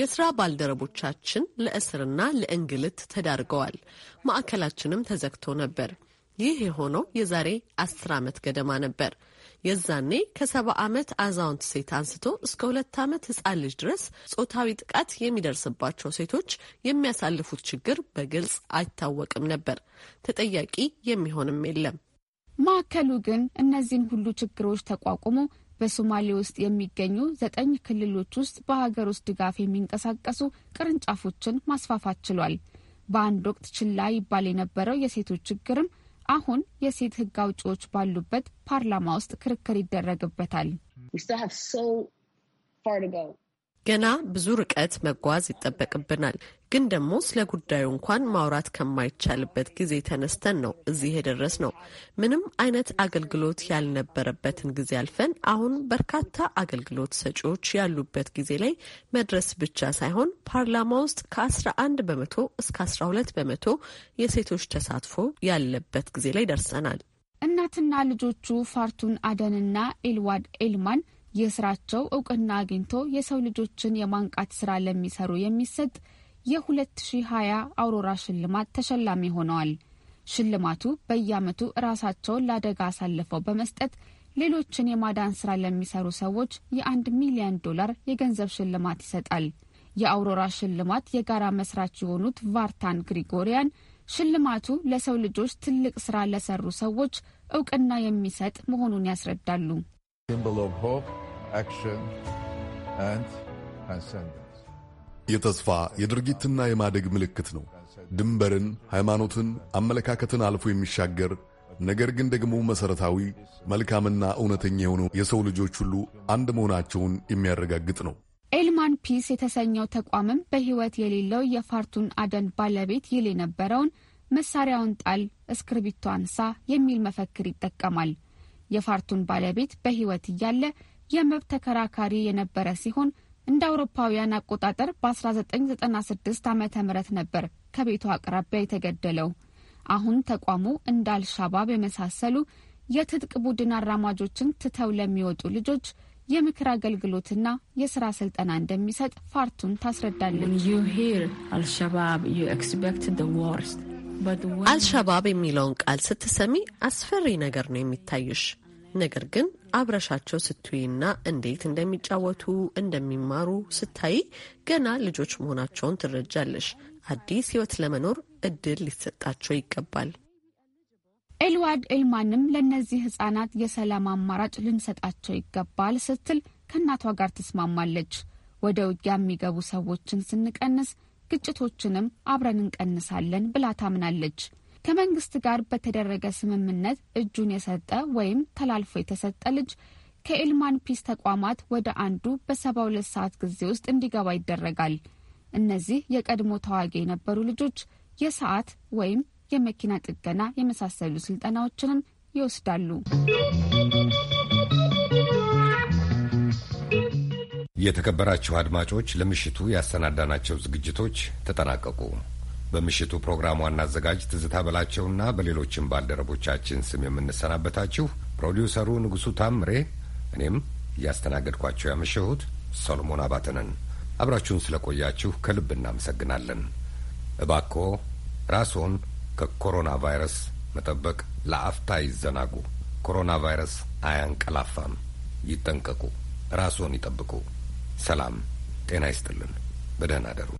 የስራ ባልደረቦቻችን ለእስርና ለእንግልት ተዳርገዋል። ማዕከላችንም ተዘግቶ ነበር። ይህ የሆነው የዛሬ አስር ዓመት ገደማ ነበር። የዛኔ ከሰባ ዓመት አዛውንት ሴት አንስቶ እስከ ሁለት ዓመት ህፃን ልጅ ድረስ ጾታዊ ጥቃት የሚደርስባቸው ሴቶች የሚያሳልፉት ችግር በግልጽ አይታወቅም ነበር። ተጠያቂ የሚሆንም የለም። ማዕከሉ ግን እነዚህን ሁሉ ችግሮች ተቋቁሞ በሶማሌ ውስጥ የሚገኙ ዘጠኝ ክልሎች ውስጥ በሀገር ውስጥ ድጋፍ የሚንቀሳቀሱ ቅርንጫፎችን ማስፋፋት ችሏል። በአንድ ወቅት ችላ ይባል የነበረው የሴቶች ችግርም አሁን የሴት ሕግ አውጪዎች ባሉበት ፓርላማ ውስጥ ክርክር ይደረግበታል። ገና ብዙ ርቀት መጓዝ ይጠበቅብናል። ግን ደግሞ ስለ ጉዳዩ እንኳን ማውራት ከማይቻልበት ጊዜ ተነስተን ነው እዚህ የደረስ ነው። ምንም አይነት አገልግሎት ያልነበረበትን ጊዜ አልፈን አሁን በርካታ አገልግሎት ሰጪዎች ያሉበት ጊዜ ላይ መድረስ ብቻ ሳይሆን ፓርላማ ውስጥ ከ11 በመቶ እስከ 12 በመቶ የሴቶች ተሳትፎ ያለበት ጊዜ ላይ ደርሰናል። እናትና ልጆቹ ፋርቱን አደንና ኤልዋድ ኤልማን ይህ ስራቸው እውቅና አግኝቶ የሰው ልጆችን የማንቃት ስራ ለሚሰሩ የሚሰጥ የ2020 አውሮራ ሽልማት ተሸላሚ ሆነዋል። ሽልማቱ በየዓመቱ ራሳቸውን ለአደጋ አሳልፈው በመስጠት ሌሎችን የማዳን ስራ ለሚሰሩ ሰዎች የአንድ ሚሊዮን ዶላር የገንዘብ ሽልማት ይሰጣል። የአውሮራ ሽልማት የጋራ መስራች የሆኑት ቫርታን ግሪጎሪያን ሽልማቱ ለሰው ልጆች ትልቅ ስራ ለሰሩ ሰዎች እውቅና የሚሰጥ መሆኑን ያስረዳሉ። ኦፍ ሆፕ የተስፋ የድርጊትና የማደግ ምልክት ነው። ድንበርን፣ ሃይማኖትን፣ አመለካከትን አልፎ የሚሻገር ነገር ግን ደግሞ መሠረታዊ መልካምና እውነተኛ የሆነው የሰው ልጆች ሁሉ አንድ መሆናቸውን የሚያረጋግጥ ነው። ኤልማን ፒስ የተሰኘው ተቋምም በሕይወት የሌለው የፋርቱን አደን ባለቤት ይል የነበረውን መሳሪያውን ጣል፣ እስክርቢቶ አንሳ የሚል መፈክር ይጠቀማል። የፋርቱን ባለቤት በሕይወት እያለ የመብት ተከራካሪ የነበረ ሲሆን እንደ አውሮፓውያን አቆጣጠር በ1996 ዓ ም ነበር ከቤቱ አቅራቢያ የተገደለው። አሁን ተቋሙ እንደ አልሻባብ የመሳሰሉ የትጥቅ ቡድን አራማጆችን ትተው ለሚወጡ ልጆች የምክር አገልግሎትና የስራ ስልጠና እንደሚሰጥ ፋርቱን ታስረዳለች። የሚለውን ቃል ስትሰሚ አስፈሪ ነገር ነው የሚታዩሽ። ነገር ግን አብረሻቸው ስትይና እንዴት እንደሚጫወቱ እንደሚማሩ ስታይ ገና ልጆች መሆናቸውን ትረጃለሽ። አዲስ ህይወት ለመኖር እድል ሊሰጣቸው ይገባል። ኤልዋድ ኤልማንም ለእነዚህ ህጻናት የሰላም አማራጭ ልንሰጣቸው ይገባል ስትል ከእናቷ ጋር ትስማማለች። ወደ ውጊያ የሚገቡ ሰዎችን ስንቀንስ ግጭቶችንም አብረን እንቀንሳለን ብላ ታምናለች። ከመንግስት ጋር በተደረገ ስምምነት እጁን የሰጠ ወይም ተላልፎ የተሰጠ ልጅ ከኤልማን ፒስ ተቋማት ወደ አንዱ በሰባ ሁለት ሰዓት ጊዜ ውስጥ እንዲገባ ይደረጋል። እነዚህ የቀድሞ ተዋጊ የነበሩ ልጆች የሰዓት ወይም የመኪና ጥገና የመሳሰሉ ስልጠናዎችንም ይወስዳሉ። የተከበራችሁ አድማጮች ለምሽቱ ያሰናዳናቸው ዝግጅቶች ተጠናቀቁ። በምሽቱ ፕሮግራም ዋና አዘጋጅ ትዝታ በላቸውና በሌሎችም ባልደረቦቻችን ስም የምንሰናበታችሁ ፕሮዲውሰሩ ንጉሡ ታምሬ፣ እኔም እያስተናገድኳቸው ያመሸሁት ሰሎሞን አባተነን። አብራችሁን ስለቆያችሁ ከልብ እናመሰግናለን። እባክዎ ራስዎን ከኮሮና ቫይረስ መጠበቅ ለአፍታ ይዘናጉ። ኮሮና ቫይረስ አያንቀላፋም። ይጠንቀቁ፣ ራስዎን ይጠብቁ። ሰላም ጤና ይስጥልን። በደህና አደሩ።